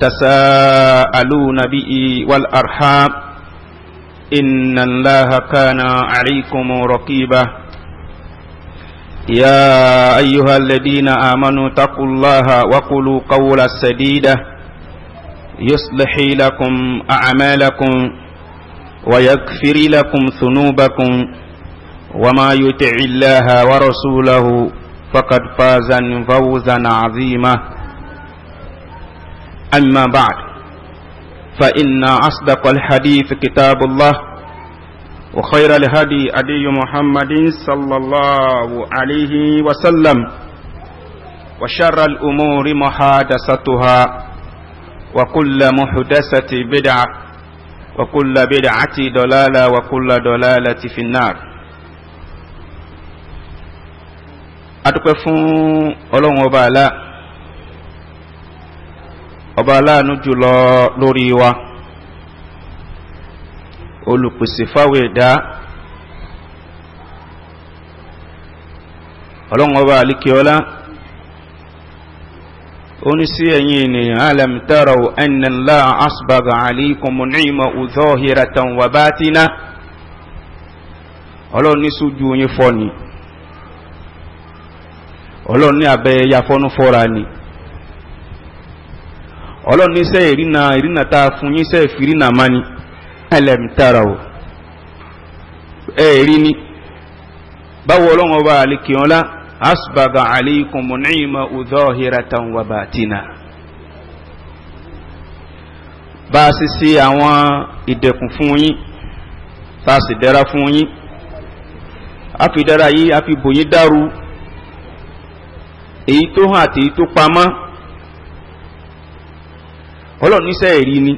تساءلون به والأرحام إن الله كان عليكم رقيبا يا أيها الذين آمنوا اتقوا الله وقولوا قولا سديدا يصلح لكم أعمالكم ويغفر لكم ذنوبكم وما يطع الله ورسوله فقد فاز فوزا عظيما أما بعد فإن أصدق الحديث كتاب الله وخير الهدي أدي محمد صلى الله عليه وسلم وشر الأمور محادثتها وكل محدثة بدعة وكل بدعة ضلالة وكل ضلالة في النار أتقفون ألوم وبالا ọba aláàánú jùlọ lórí wa olùpèsè fáwọn ẹ̀dá ọlọ́run ọba àlíkíọ́lá onísí ẹ̀yin ènìyàn alam taraw anna Allaha asbagha alaykum ni'mahu zahiratan wa batina ọlọ́run ní sójú yín fọ́ ni ọlọ́run ní abẹ́ yafọ́nú fọ́ra ni ọlọ́run iṣẹ́ ìrìnà ìrìnà tá fún yín iṣẹ́ ìfìrìnà máa o ẹ̀rí ni báwo ọlọ́run ọba àlekèọ́lá asbaga aleikum ni'ima udhahiratan wa batina bá a sì ṣe àwọn ìdẹ̀kùn fún yín dara funyi. sì dẹ́ra fún a fi dára yìí a fi bòyí èyí tó ọlọ́run níṣẹ́ ẹ̀rí ni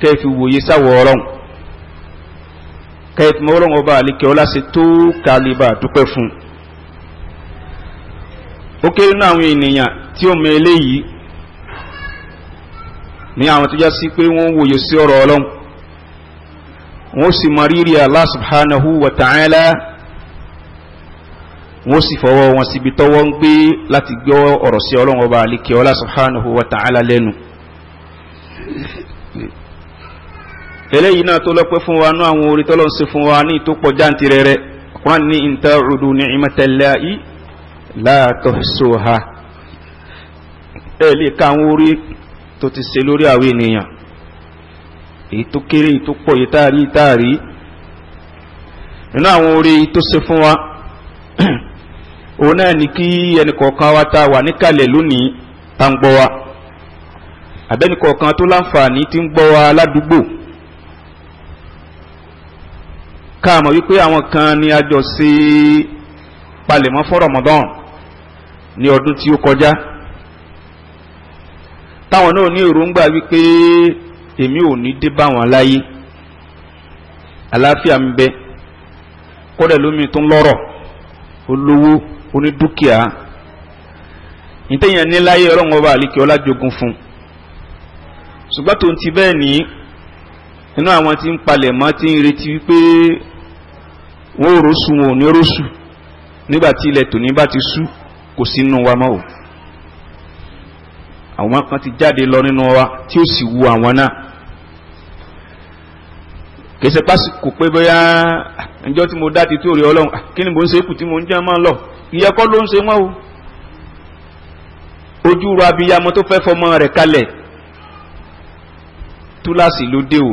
kẹfì wòye sáwọ̀ ọlọ́run kẹfì mọ́ ọlọ́run ọba àlékẹ́ ọlá ṣe tó kálíbà dúpẹ́ fún ó kéré náà àwọn ènìyàn tí ó mọ eléyìí ní àwọn tó já sí pé wọ́n wòye sí ọ̀rọ̀ ọlọ́run wọ́n sì mọ rírì Allah subhanahu wa ta'ala wọ́n sì fọwọ́ wọn síbi tọ́wọ́ ń gbé láti gbọ́ ọ̀rọ̀ sí ọlọ́run ọba àlekè ọlá subhanahu wa ta'ala lẹ́nu eléyìí náà tó lọ́pẹ́ fún wa ní àwọn orí tọ́lọ́ ń fún wa ní ìtòpọ̀ jáǹtì rẹ̀rẹ̀ la tuhsuha ẹ lè ka àwọn orí tó ti ṣe lórí àwọn ènìyàn èyí tó kéré nínú àwọn orí tó ṣe fún wa Ona náà ni kí ẹnìkọ̀ọ̀kan wa ta wà níkàlẹ̀ lónìí tá ń gbọ́ wa àbẹ́nìkọ̀ọ̀kan tó láǹfààní ti ń gbọ́ wa ládùúgbò káàmọ̀ wípé àwọn kan ni a jọ ṣe palẹ̀mọ́ fún Ramadan ní ọdún tí ó kọjá táwọn náà ní èròǹgbà wípé èmi ò ní dé bá wọn láyé àlàáfíà ń bẹ kódà lómi tó ń lọ́rọ̀ olówó onídúkìá ìtẹ̀yìn níláyé ọlọ́run ọba àlíkè ọlá jogún fún ṣùgbọ́n tó ń ti bẹ́ẹ̀ ní inú àwọn tí ń palẹ̀ mọ́ tí ń retí wípé wọ́n ò rósù wọn ò ní rósù nígbà tí ilẹ̀ tòní bá ti sú kò sí nínú wa mọ́ o àwọn kan ti jáde lọ nínú wa tí ó sì wu àwọn náà kèsè pásítọ̀ pé bóyá ǹjọ́ tí mo dá ti tó rí ọlọ́run kí ni mò ń ṣe é kù tí mo ń jẹ́ máa ń ìyẹn kọ́ ló ń ṣe wọ́n o ojú ro abiyamọ tó fẹ́ fọmọ rẹ̀ kalẹ̀ túláàsì ló dé o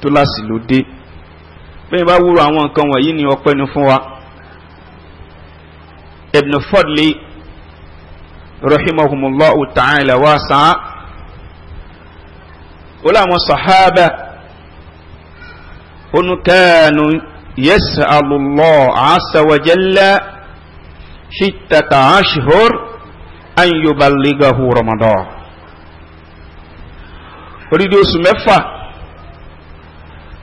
túláàsì ló dé bẹ́ẹ̀ bá wúro àwọn nǹkan wọ̀nyí ni ọpẹ́ fún wa Ibn Fadli rahimahumullahu ta'ala wa sàn ó láwọn sàhábà onu يسأل الله عز وجل ستة أشهر أن يبلغه رمضان odidi oṣù mẹ́fà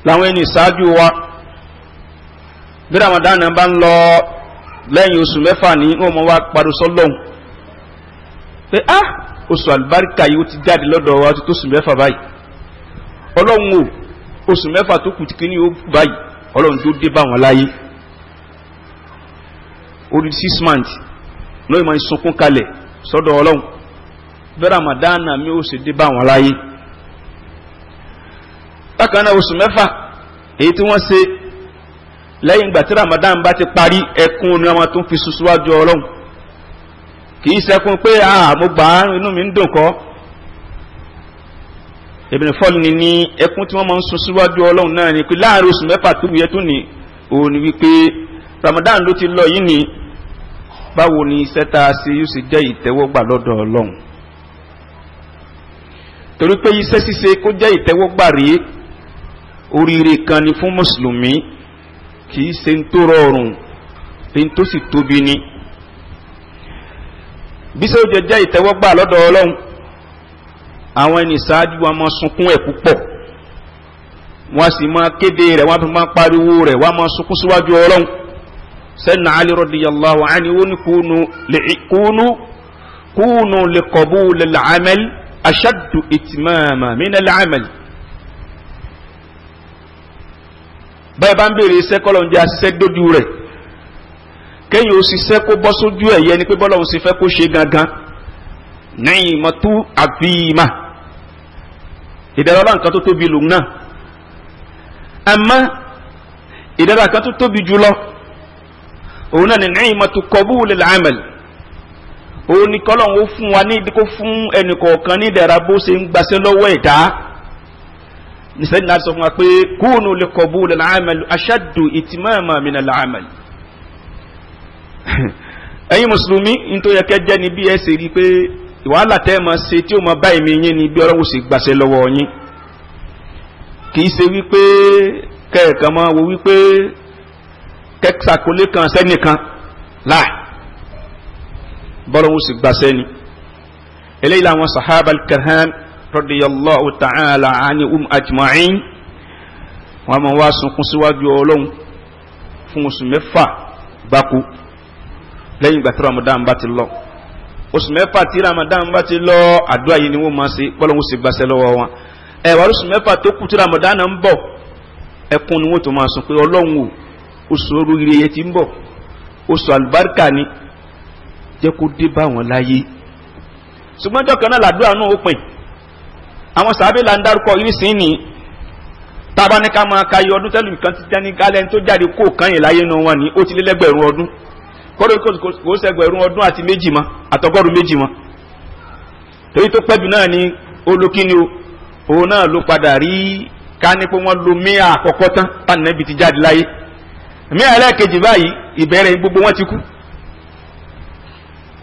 làwọn ẹni ìṣáájú ramadan bá ń lọ lẹ́yìn ah oṣù àlùbáríkà yìí ó ti jáde lọ́dọ̀ wa osu tó oṣù mẹ́fà báyìí ọlọ́run o oṣù mẹ́fà tó kù kí ni ọlọ́run tó dé bá wọn láyé orí six months lóyún máa ń sunkún kalẹ̀ sọ́dọ̀ ọlọ́run bẹ́ẹ̀ ramadana mi ò sì dé bá wọn láyé bákan náà oṣù mẹ́fà èyí tí wọ́n ṣe lẹ́yìn ìgbà tí ramadan bá ti parí ẹkún ni wọ́n tún fi sun síwájú ọlọ́run kì í ṣẹkún pé àà ah, mo gbà á inú mi ń dùn kọ́ Ibn Fadl ni ní ẹkún tí wọ́n máa ń sun síwájú ọlọ́run náà ni pé láàrin oṣù mẹ́fà tó yẹ tó ní òun ni wípé Ramadan ló ti lọ yìí ni báwo ni iṣẹ́ tá a ṣe yóò ṣe jẹ́ ìtẹ́wọ́gbà lọ́dọ̀ ọlọ́run torí pé iṣẹ́ ṣíṣe kó jẹ́ ìtẹ́wọ́gbà rèé oríire kan ni fún mùsùlùmí kì í ṣe ń tó rọrùn ní tó sì tóbi ni bí sọ́jọ́ jẹ́ ìtẹ́wọ́gbà lọ́dọ̀ ọlọ́run àwọn ẹni ṣáájú wọn máa sunkún ẹ̀ púpọ̀ wọ́n sì máa kéde rẹ̀ wọ́n fi máa pariwo rẹ̀ wọ́n máa sunkún síwájú ọlọ́run sẹ́nà Ali radiyallahu anhu ó ní kúnú kúnú li qabul al-amal ashaddu itmama min al-amal. báyìí bá ń béèrè iṣẹ́ kọ́lọ̀ ń jẹ́ aṣiṣẹ́ dójú rẹ̀ kéèyàn ó ṣiṣẹ́ kó bọ́ sójú ẹ̀yẹ ni pé bọ́lọ̀ ń ṣe fẹ́ kó ṣe gangan ni'matu azima ìdára ọlọ́run kan tó tóbi lòun náà àmọ́ ìdára kan tó tóbi jùlọ òun náà ni ni'matu qabulil amal òun ni kọ́lọ́run ó fún wa ní ibi kó fún ẹnìkọ̀ọ̀kan ní ìdára bó ṣe ń gbaṣẹ́ lọ́wọ́ ẹ̀dá nisẹn naa sọ fún wa pé kúnú lè kọ̀bú lè làámẹ́lì aṣáàdù ìtìmọ́ọ̀mọ́ mi nà làámẹ́lì. ẹ̀yin mùsùlùmí nítorí ẹ̀kẹ́ jẹ́ wàhálà tẹ́ ẹ máa ṣe tí ó máa bá ẹ̀mí yín ni bí ọlọ́wọ́ sì gbàṣẹ lọ́wọ́ yín kì í ṣe wípé kẹ́ẹ̀kan máa wo wípé kẹ́sàkólé kan sẹ́nìkan láì bọ́lọ́wọ́ sì gbàṣẹ ni eléyìí làwọn sahaba al-kirham radiyallahu ta'ala anhum ajma'in wọ́n máa wá sunkún síwájú ọlọ́run fún oṣù mẹ́fà gbáko lẹ́yìn ìgbà tí ramadan bá ti lọ oṣù mẹ́fà tí ramadan bá ti lọ àdúrà yìí ni wọ́n máa ṣe bọ́lọ́hún sì gbàṣẹ lọ́wọ́ wọn ẹ̀wà oṣù mẹ́fà tó kù tí ramadan ń bọ̀ ẹkún ni wọ́n tó máa sọ pé ọlọ́run o oṣù oríire yẹn ti ń bọ̀ oṣù àlùbáríkà ni jẹ́ kó dé bá wọn láyé ṣùgbọ́n jọ́ kan náà làdúrà náà ó pin àwọn sàábé là ń dárúkọ yìí sí ni tábánikà máa ka iye ọdún tẹ́lifíkan ti jẹ́ ní kálẹ́ni tó jáde kó kan yìí láyé náà wọn ni ó ti lé lẹ́gbẹ̀rún ọdún kọ́dọ̀ kò sẹ́gbẹ̀rún ọdún àti méjì ma àtọ́gọ́rùn méjì mọ́ torí tó pẹ́jù náà ni olókíni o òun náà ló padà rí ká ní pé wọ́n lo míà àkọ́kọ́ tán tánàbí ti jáde láyé míà ẹlẹ́ẹ̀kejì báyìí ìbẹ̀rẹ̀ gbogbo wọn ti kú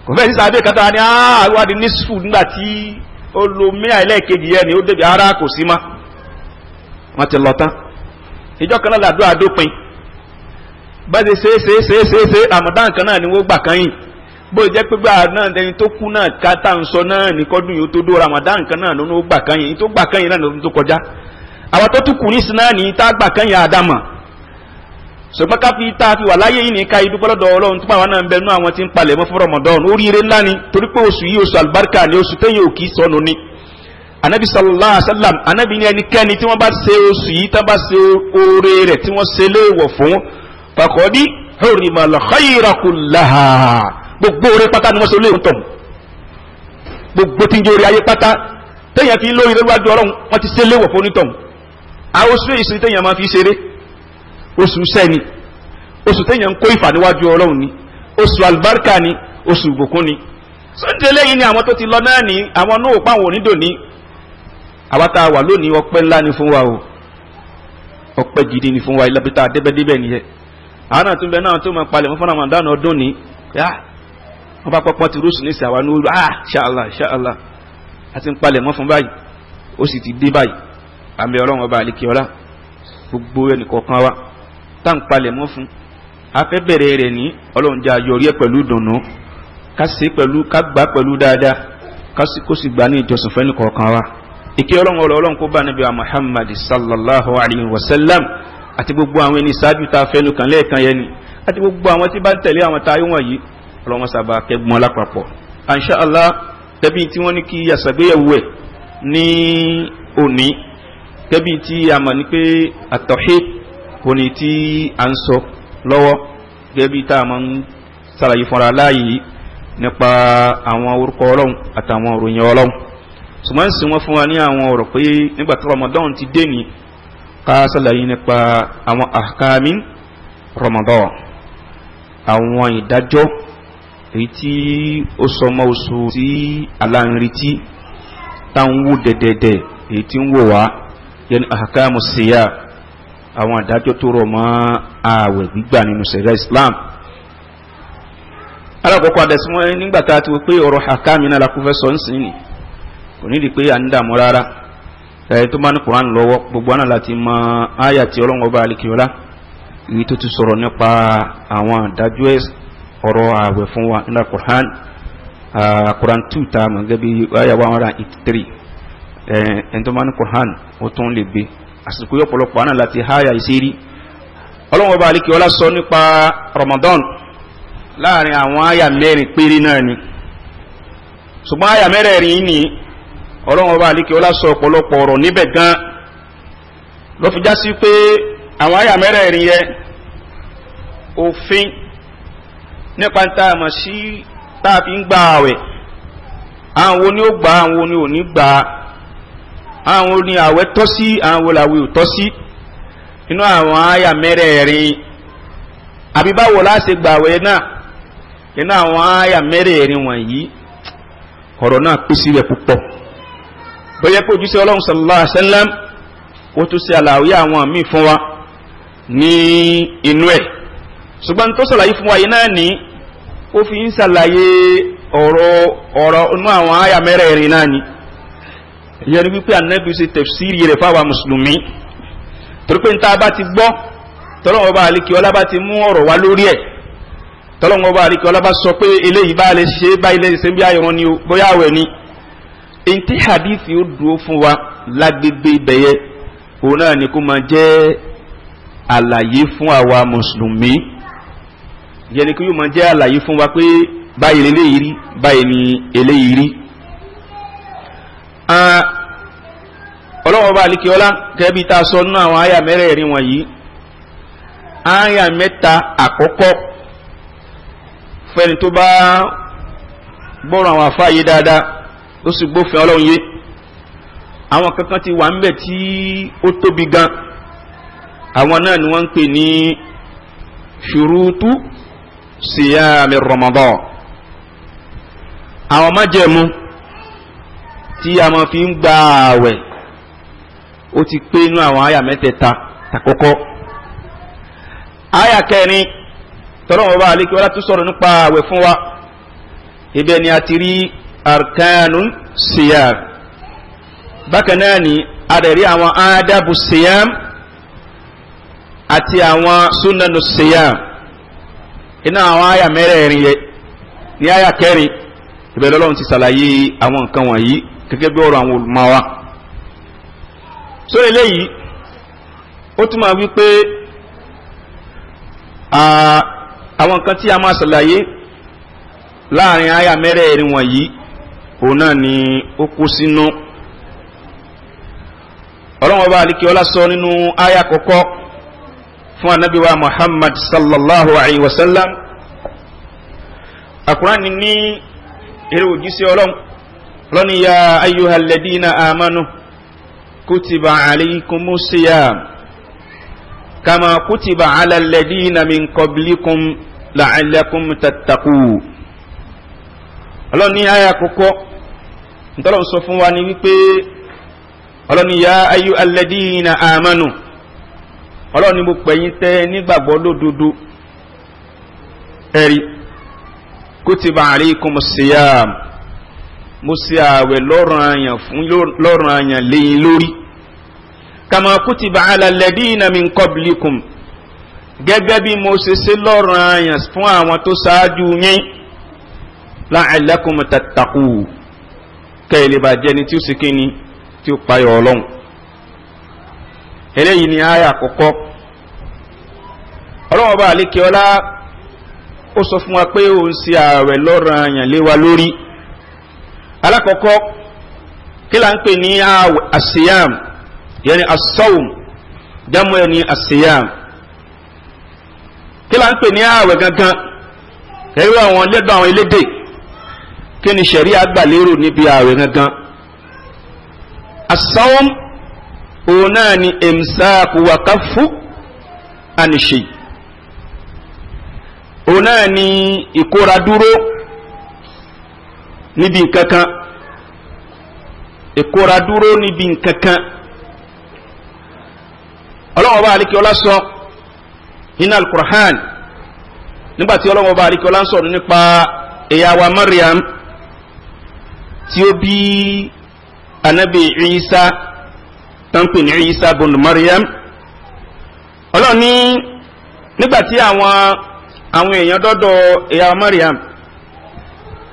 kò fẹ́ẹ̀ sísá abẹ́ kátà ni àwádìí ní sùúrù nígbà tí ó lo míà ẹlẹ́ẹ̀kejì yẹn ni ó débi ara kò sí mọ́ wọ́n ti lọ tán ìjọ kan náà làdúrà dópin bá ti ṣe é ṣe é ṣe é ṣe é ṣe àmọ̀dá nǹkan náà ni wọ́n gbà kan yìí bó jẹ́ pé gbà náà ẹni tó kú náà ká tá à ń sọ náà ní kọ́dún yìí tó dó àmọ̀dá nǹkan náà ló gbà kan yìí tó gbà kan yìí náà ló tó kọjá àwọn tó tún kù ní sinna ní tá gbà kan yìí àdámọ̀ ṣùgbọ́n ká fi tá a fi wà láyé yìí ní ká idúpẹ́ lọ́dọ̀ ọlọ́run tó pàwọn náà anabi sallallahu alaihi wa sallam anabi ní ẹnikẹ́ni tí wọ́n bá ṣe oṣù yìí tí wọ́n bá ṣe oore rẹ̀ tí wọ́n ṣe léèwọ̀ fún fàkọ́dí hurima al-khayra kullaha gbogbo orí pátá ni wọ́n ṣe léèrè tọ̀hún gbogbo tí ń jẹ́ orí ayé pátá téèyàn fi lórí lọ́wọ́dún ọlọ́run wọ́n ti ṣe léwọ̀ fún onítọ̀hún àwọn oṣù èyí téèyàn máa fi ṣeré oṣù sẹ́ni oṣù téèyàn ń kó ìfà níwájú ọlọ́run ni oṣù àlùbáríkà ni oṣù ìbùkún ni sọ́dún eléyìí ni àwọn tó ti lọ náà ní àwọn náà pàwọn onídòní ni fún wa o ọpẹ́ ni àwọn àti bẹ́ẹ̀ náà tó máa palẹ̀ mọ́ fún Ramadan ọdún ni wọ́n bá pọ́pọ́ ti rúṣù nísìnyí àwa olú ah ṣáàlà ṣáàlà a ti ń palẹ̀ mọ́ fún báyìí ó sì ti dé báyìí àmì ọlọ́run ọba àlekè ọlá gbogbo ẹnìkọ̀ọ̀kan wa tá ń palẹ̀ mọ́ fún afẹ́ bẹ̀rẹ̀ rẹ̀ ní ọlọ́run jẹ́ ayọ̀rí ẹ̀ pẹ̀lú dùnú ká ṣe pẹ̀lú ká gbà pẹ̀lú dáadáa ká àti gbogbo àwọn ẹni ṣáájú tá a fẹnu kàn lẹ́ẹ̀kan yẹn ni àti gbogbo àwọn tí bá ń tẹ̀lé àwọn táyé wọ̀nyí ọlọ́wọ́n sábà kẹgbọn lápapọ̀ insha Allah kẹbí tí wọ́n ní kí àṣàgbéyẹ̀wò ẹ̀ ní òní kẹbí tí a mọ̀ ní pé àtọ̀hí òní tí a ń sọ lọ́wọ́ kẹbí tá a mọ̀ ń ṣàlàyé fúnra láàyè yìí nípa àwọn orúkọ ọlọ́run àtàwọn òròyìn ọlọ́run ṣùgbọ́n sì wọ́n fún wa ní àwọn ọ̀rọ̀ pé nígbà tí Ramadan ti dé nìyí ká sàlàyé nípa àwọn àkàmí Ramadan àwọn ìdájọ́ èyí tí ó sọmọ oṣù tí aláǹretí táwọn wò dẹ̀dẹ̀dẹ̀ èyí tí ń wò wá yẹn ni àkàmù síyà àwọn àdájọ́ tó rọ̀ mọ́ ààwẹ̀ gbígbà nínú sẹ̀ríà Islam alákọ̀ọ́kọ́ adẹ̀símọ́ nígbà tá a ti wò pé ọ̀rọ̀ àkàmì náà la kó fẹ́ kò ní pé à ń dààmú rárá ẹ̀rí tó bá ní Quran lọ́wọ́ gbogbo àná láti mọ àyà tí ọlọ́run ọba alikiola ìwé tó ti sọ̀rọ̀ nípa àwọn àdájọ́ ọ̀rọ̀ ààwẹ̀ fún wa nínú Quran Quran two ta mọ̀ gẹ́gẹ́ bí àyà one hundred three ẹ̀ẹ́n tó bá ní Quran ó tún lè gbé àsìkò yóò pọ̀lọpọ̀ àná láti àyà ìṣeré ọlọ́run ọba alikiola sọ nípa Ramadan láàrin àwọn àyà mẹ́rin péré náà ni ṣùgbọ́n àyà mẹ́rẹ̀ẹ̀rin yìí ọlọ́run ọba àlíkè ọlá sọ ọ̀pọ̀lọpọ̀ ọ̀rọ̀ níbẹ̀ gan ló fi já sí pé àwọn àyà mẹ́rẹ̀ẹ̀rin yẹ òfin nípa tá a mọ̀ sí tá a fi ń gba àwẹ̀ àwọn wo ni ó gbà àwọn wo ni ò ní gbà àwọn wo ni àwẹ̀ tọ́ sí àwọn wo làwẹ̀ ò tọ́ sí inú àwọn àyà mẹ́rẹ̀ẹ̀rin àbí báwo la ṣe gbà àwẹ̀ náà inú àwọn àyà mẹ́rẹ̀ẹ̀rin wọ̀nyí ọ̀rọ̀ náà pèsè rẹ̀ púpọ̀ bóyá pé ojúṣe ọlọ́run sallallahu alaihi wasallam ó tún ṣe àlàyé àwọn míì fún wa ní inú ẹ̀ ṣùgbọ́n tó ṣàlàyé fún wa yìí náà ní ó fi ń ṣàlàyé ọ̀rọ̀ ọ̀rọ̀ inú àwọn àyà mẹ́rẹ̀ẹ̀rin náà ni ìyẹn ni wípé ànábì ṣe tẹ̀fsíìrì rẹ̀ fáwọn mùsùlùmí torí pé níta bá ti gbọ́ tọ́lọ́wọ́n bá àlekè ọlá bá ti mú ọ̀rọ̀ wá lórí ẹ̀ tọ́lọ́wọ́n bá àlekè ọlá bá sọ pé eléyìí bá lè ṣe báyìí lè ṣe bí àyọ̀rọ̀ ni bóyá àwẹ̀ ni nti hadithi ó dúró fún wa lágbègbè ibẹ̀yẹ òun náà ni kó máa jẹ́ àlàyé fún àwa mùsùlùmí yẹni kí yóò máa jẹ́ àlàyé fún wa pé báyìí eléyìí rí báyìí ni eléyìí rí. ọlọ́wọ́n bá alikẹ́ ọlá kẹ́bí tá a sọ nínú àwọn àyà mẹ́rẹ̀ẹ̀rin wọ̀nyí àyà mẹ́ta àkọ́kọ́ fẹ́ni tó bá gbọ́ràn àwọn àfáàyè dáadáa tó sì gbófin ọlọ́run yé àwọn kankan ti wà ńbẹ tí ó tóbi gan àwọn náà ni wọ́n ń pè ní ṣùrùtù síyáàmì Ramadan àwọn májẹ̀mú tí a máa fi ń gba ààwẹ̀ ó ti pé inú àwọn àyà mẹ́tẹ̀ẹ̀ta tàkọ́kọ́ àyà kẹrin tọ́lọ́mọba àlékí wọ́n látún sọ̀rọ̀ nípa ààwẹ̀ fún wa ibẹ̀ ni a ti rí Arkanun siyam bákan náà ni adẹ̀rí àwọn adabu siyam àti àwọn sunanu siyam iná àwọn àyà mẹ́rẹ̀ẹ̀rin yẹ ní àyà kẹrin ìbẹ̀rẹ̀ ọlọ́run ti ṣàlàyé àwọn nǹkan wọ̀nyí gẹ́gẹ́ bí ọ̀rọ̀ àwọn olùmọ̀wá sórí eléyìí ó túmọ̀ wípé àwọn nǹkan tí a máa ṣàlàyé láàrin àyà mẹ́rẹ̀ẹ̀rin wọ̀nyí òun náà ni ó kú sínú ọlọ́wọ́n bá alikẹ́ ọlá sọ nínú aya kọ̀kọ́ fún anabiwa muhammad sallallahu alayhi wa sallam akurani ní eré òjíṣẹ́ ọlọ́run lọ́ni ya ayyuhal ladina amanu kutiba alaykumus siyam kama kutiba ala alladina min qablikum la'allakum tattaqun ọlọ́run ní àyà àkọ́kọ́ sọ fún wa ni wípé ọlọ́run ní ya ayu alladina amanu ọlọ́run ní mo pẹ̀yìn tẹ́ nígbàgbọ́ lódodo ẹ̀rí kutiba alaykum siyam mo ṣe ààwẹ̀ lọ́ranyàn fún lọ́ranyàn lẹ́yìn lórí kama kutiba ala alladina min qablikum gẹ́gẹ́ bí mo ṣe ṣe lọ́ranyàn fún àwọn tó ṣáájú yín la'allakum tattaqu kẹ́lẹ́ bá jẹ́ni tí ó sì kíni tí ó payọ̀ ọlọ́run eléyìí ni àyà àkọ́kọ́ ọlọ́wọ́n bá àlékè ọlá ó sọ fún wa pé òun ṣe ààwẹ̀ lọ́ràn àyàn lé wa lórí alákọ̀ọ́kọ́ kí là ń pè ní àṣìyàm yẹn ni asọ́wùm jámù ẹ̀ ní àṣìyàm kí là ń pè ní ààwẹ̀ gangan kẹ́rù àwọn lẹ́dọ̀ àwọn elédè kí ni ṣẹ̀ríà gbà lérò níbi ààwẹ̀ gangan asawom òun náà ni emsaaku wakafu anise òun náà ni ìkóra dúró níbi nkankan ìkóra dúró níbi nkankan ọlọ́wọ́ bá alikẹ́ ọlá sọ nínú alukur'an nígbàtí ọlọ́wọ́ bá alikẹ́ ọlá sọ nípa ìyá wa Maryam. tí ó bí anabi isa tánpẹ̀ ní isa bùn mariam ọlọ́run ní nígbà àwọn àwọn èèyàn dọ́dọ̀ ìyá mariam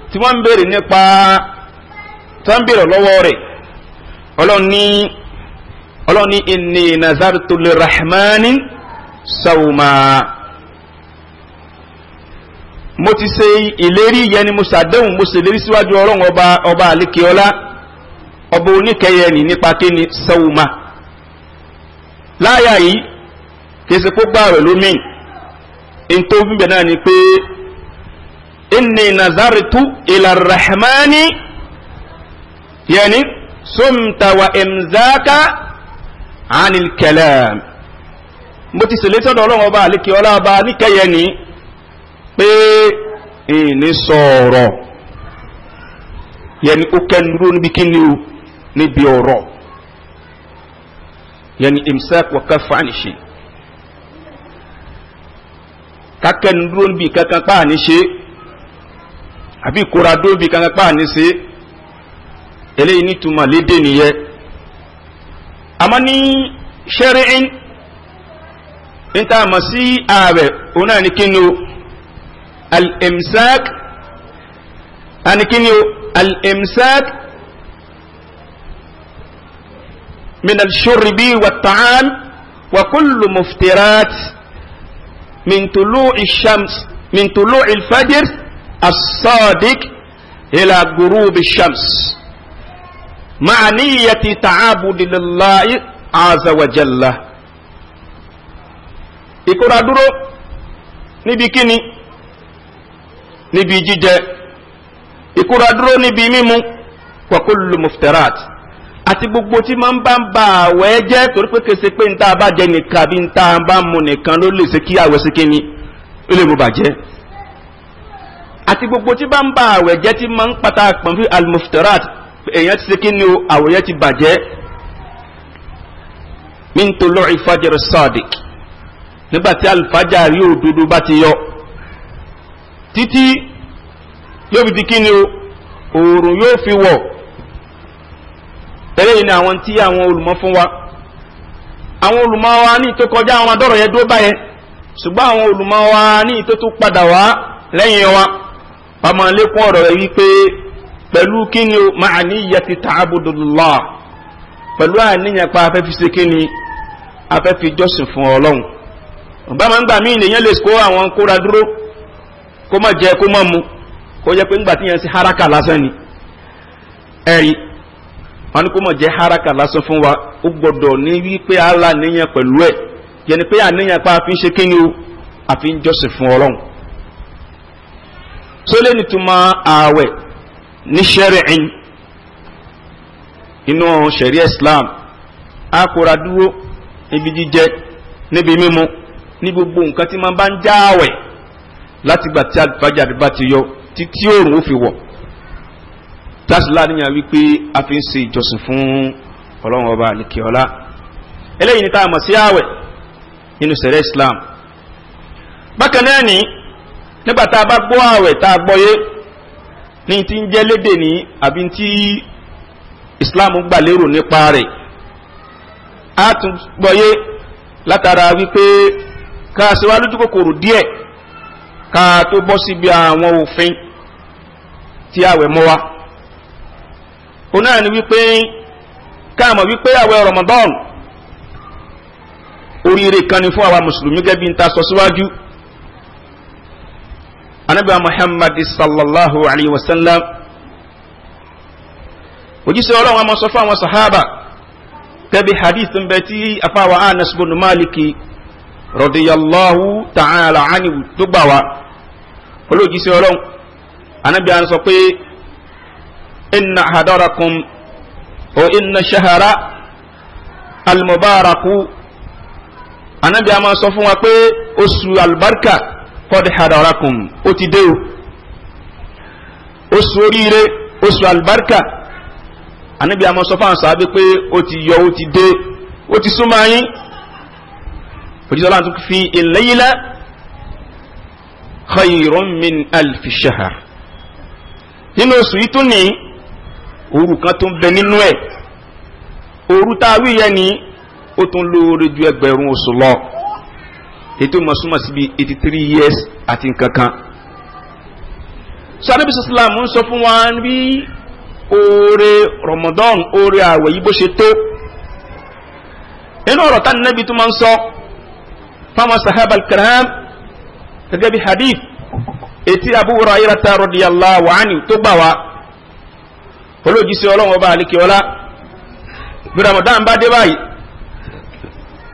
tí wọ́n ń béèrè nípa tó ń béèrè lọ́wọ́ rẹ̀ ọlọ́run ní ọlọ́run ní inni nazartu mo ti ṣe ìlérí yẹn ni mo ṣàdéhùn mo ṣèlérí síwájú ọlọ́run ọba ọba àlékeọlá ọba oníkẹyẹ nì nípa kíni sẹ́wùmá láyà yìí kì í ṣe kó gbààwẹ̀ lómi ntó fúnbẹ̀ náà ni pé inni nazaritu ila rahmani yẹni sumta wa imzaka mo ti ṣèlérí ọlọ́run ọba àlékeọlá ọba níkẹyẹ nìí pé ìní sọ̀rọ̀ yẹni ó kẹnuró níbi ni o níbi ọ̀rọ̀ yẹni imsak wa kafa ni ṣe kakẹnuró níbi kankan pa ni ṣe àbí ìkóradó níbi kankan pa ni ṣe eléyìí nítumọ̀ lédè nìyẹn àmọ́ ní ṣẹ́rìn níta àmọ́ sí ààrẹ òun náà ní kíni o. الإمساك ان كنيو الإمساك من الشرب والطعام وكل مفترات من طلوع الشمس من طلوع الفجر الصادق إلى غروب الشمس مع نية تعبد لله عز وجل يقول أدرو نبي كني níbi jíjẹ ìkúra dúró níbi mímu pọ̀kúlù muftarat àti gbogbo tí máa ń bá ń ba àwẹ̀ jẹ́ torí pé kèsè pé ń tá a bá jẹ nìkan àbí ń tá a bá mu nìkan ló lè ṣe kí àwẹ̀ sí kí ni ó lè mú bàjẹ́ àti gbogbo tí bá ń ba àwẹ̀ jẹ́ tí máa ń pata pọ̀n fún almuftarat èèyàn ti ṣe kí ni o àwẹ̀ yẹn ti bàjẹ́ min tulu'i fajr sadiq nígbà tí alifájà rí òdodo bá ti yọ títí yóò fi di kí ni o oòrùn yóò fi wọ̀ eléyìí ni àwọn tí àwọn olùmọ̀ fún wa àwọn olùmọ̀ wa ní tó kọjá àwọn adọ́rọ̀ yẹn dúró báyẹn ṣùgbọ́n àwọn olùmọ̀ wa ní tó padà wá lẹ́yìn wa pàmò lékún ọ̀rọ̀ rẹ̀ wípé pẹ̀lú kí ni o máa ní iye ti ta'budullah pẹ̀lú àníyàn pa afẹ́fi ṣe kí ni afẹ́fi jọ́sìn fún ọlọ́run ọ̀bá máa ń gbà mí ìnìyàn lè kó àwọn kóra dúró kó má jẹ kó má mu kó jẹ pé ńgbà tí yẹn ṣe haraka lásán ni ẹ̀rí wọn ni kó má jẹ haraka lásán fún wa ó gbọdọ̀ ní wípé ala níyàn pẹ̀lú ẹ̀ yẹni pé àníyàn pa àfi ń ṣe kíni o àfi ń jọ́sìn fún ọlọ́run tó lé nítumọ̀ ní ṣẹ́rìn inú ṣẹ̀rí Islam a kóra dúró níbi jíjẹ níbi mímu ní gbogbo nǹkan tí máa bá ń já ààwẹ̀ látìgbà tí alifájàre bá ti yọ títí òòrùn ó fi wọ̀ tásìlá níyàn wípé a fi ń ṣe ìjọsìn fún ọlọ́run ọba àlìkíọ́lá eléyìí ni tá mọ̀ sí ààwẹ̀ nínú sẹ̀rẹ̀ Islam bákan náà ní nígbà tá a bá gbọ́ ààwẹ̀ tá a gbọ́yé ní ti ń jẹ́ lédè ní àbí tí Islam gbà lérò nípa rẹ̀ a tún gbọ́yé látara wípé ká a lójú kòkòrò díẹ̀ ká tó bọ́ síbi àwọn òfin tí àwẹ̀ mọ́ wa ó náà ni wípé káàmọ̀ wípé àwẹ̀ Ramadan oríire kan ni fún àwa mùsùlùmí gẹ́gẹ́ bí ta sọ síwájú anabiwa Muhammad sallallahu alayhi wa sallam òjíṣẹ́ ọlọ́run a máa sọ fún àwọn sahaba tẹ́bi hadith ń bẹ tí afáwa Anas bin Maliki rọdíyàlláhu ta'ala ánìwù tó gbà wá olóòjísé ọlọ́run anábì à ń sọ pé inna hadarakum o inna shahara almubaraku anábì à máa sọ fún wa pé oṣù albarka kọ́dí hadarakum ó ti dé o oṣù oríire oṣù albarka anábì à máa sọ fún àwọn sàábé pé ó ti yọ ó ti dé ó ti súnmọ́ yín òjijì ọlọ́run tún fi ìlẹ́yìnlá khayrun min alfi shahar nínú oṣù yìí tún ní òru kan tó ń bẹ nínú ẹ̀ òru tá a wí yẹn ni ó tún lóore ju ẹgbẹ̀rún oṣù lọ ètò ìmọ̀súnmọ̀ sí bíi eighty three years àti nǹkan kan sọ́dọ̀ bí sọ́sílám ń sọ fún wa bí oore Ramadan oore àwẹ̀ yìí bó ṣe tó nínú ọ̀rọ̀ tá nínú ẹbí tó máa ń sọ. So, fáwọn sahaba kiram gẹ́gẹ́ bí hadith etí abu hurairata radiyallahu anhu tó gbà wá olójísé ọlọ́run ọba àlekèọ́lá bí ramadan bá dé báyìí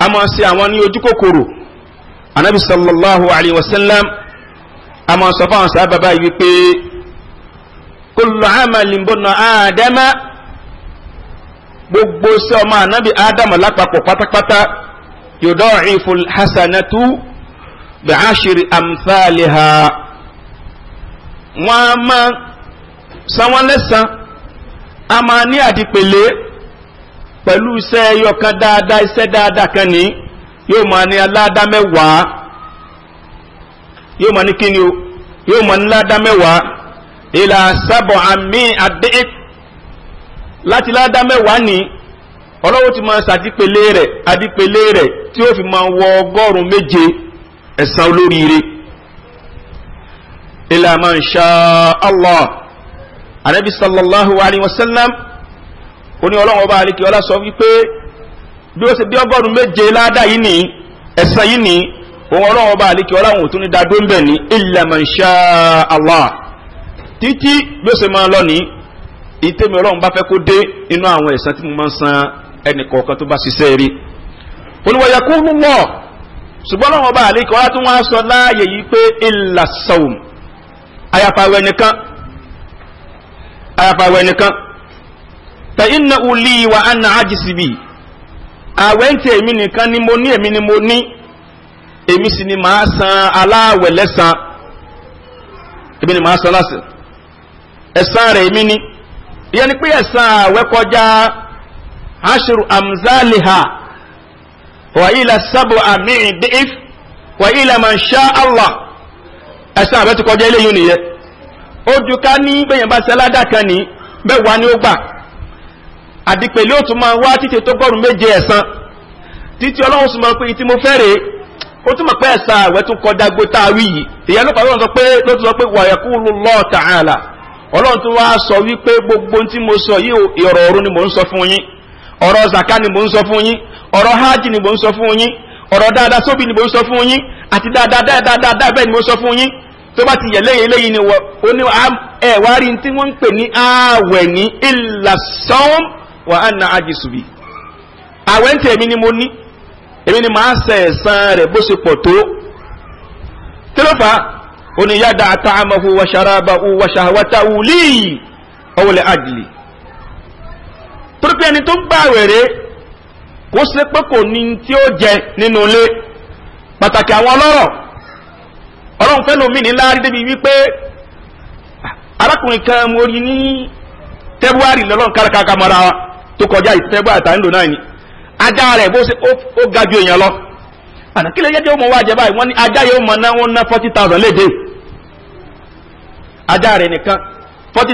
a máa ṣe àwọn ní ojú kòkòrò anabi sallallahu alayhi wa sallam a máa sọ fáwọn sábà báyìí wípé kullu amalin bunna ádámà gbogbo sí ọmọ anabi ádámà lápapọ̀ pátápátá yudọ́ọ̀ìfù hasanatu bẹ̀háṣírí amthaliha wọ́n a máa sanwó lẹ́sàn a máa ní àdìpèlé pẹ̀lú iṣẹ́ ẹyọkan dáadáa iṣẹ́ dáadáa kan ní yóò máa ní aládá mẹ́wàá yóò máa ní kíni o yóò máa ní aládá mẹ́wàá ìlà sábọ̀ àmì àdéhìk láti aládá mẹ́wàá nìí ọlọ́wọ́ ti máa ṣàdípele rẹ̀ adípele rẹ̀ tí ó fi máa wọ ọgọ́rùn-ún méje ẹ̀san olóríire ilà máa ń ṣá allah anabi sallallahu alayhi wa sallam oní ọlọ́wọ́ bá alikẹ́ ọlá sọ wípé bí ó ṣe bí ọgọ́rùn-ún méje ládàá yìí ni ẹ̀san yìí ní òun ọlọ́wọ́ bá alikẹ́ ọláwọ̀n tó ní dadó ń bẹ̀ ni ilà máa ń ṣá allah títí bí ó ṣe máa lọ ní ìtẹ́mi ọlọ́run bá fẹ́ kó dé inú àwọn ẹ̀san tí mo máa ń san ẹnì kọ̀ọ̀kan tó bá ṣiṣẹ́ rí olùwàyàkú ń lọ ṣùgbọ́n lọ́wọ́ bá àlékọ́ wá tún wá sọ láàyè yìí pé ìlà sọ̀m àyàfàwẹ̀ nìkan àyàfàwẹ̀ nìkan tẹ iná ulí wa á na ájìsì bì àwẹ̀ ń tẹ èmi nìkan ni mo ní èmi ni mo ní èmi sì ni màá san aláwẹ̀ lẹ́san èmi ni màá san lásì ẹ̀san rẹ̀ èmi ni ìyẹn ni pé ẹ̀san àwẹ̀ kọjá. ashru amzaliha wa ila sab'a mi'i bi'if wa ila man sha Allah ẹ̀sẹ̀ àbẹ́ ti kọjá eléyìí nìyẹn o ká ni bẹ́yẹn bá ṣe aládà kan ni ó gbà àdìpẹ̀lẹ́ ó tún ma mo wa yaqulu Allah ta'ala ọlọ́run tún wá sọ wípé gbogbo ohun tí mo sọ o ọ̀rọ̀ ọ̀run ni sọ fún ọrọ zaka ni bụ ń sọ fún yín hajj ni mò ń sọ fún yín dáadáa sóbì ni mò ń sọ fún yín àti dáadáa dáadáa bẹ́ẹ̀ ni mò ń sọ fún yín tó bá ti yẹ lẹ́yìn eléyìí ni ó ní ẹ tí wọ́n ń pè ní ààwẹ̀ ní na ààwẹ̀ ń tẹ̀ ni mo ní èmi ni màá sẹ̀ rẹ̀ bó ṣe pọ̀ tó líì torípé ẹni tó gbà wèrè were ṣe pé kò ní tí ó jẹ nínú ilé pàtàkì àwọn ọlọ́rọ̀ ọlọ́run fẹ́ lómi ní láàrí débi wípé arákùnrin kan mo ní tẹ́búárì lọ́lọ́run kárakára mọ́ra tó kọjá tá ń lò náà ni ajá rẹ̀ bó ṣe ó ga ju èèyàn lọ àná kí lè jẹ́ kí ó jẹ báyìí wọ́n ní ajá yóò mọ̀ náà wọ́n ná forty thousand léde ajá rẹ̀ nìkan forty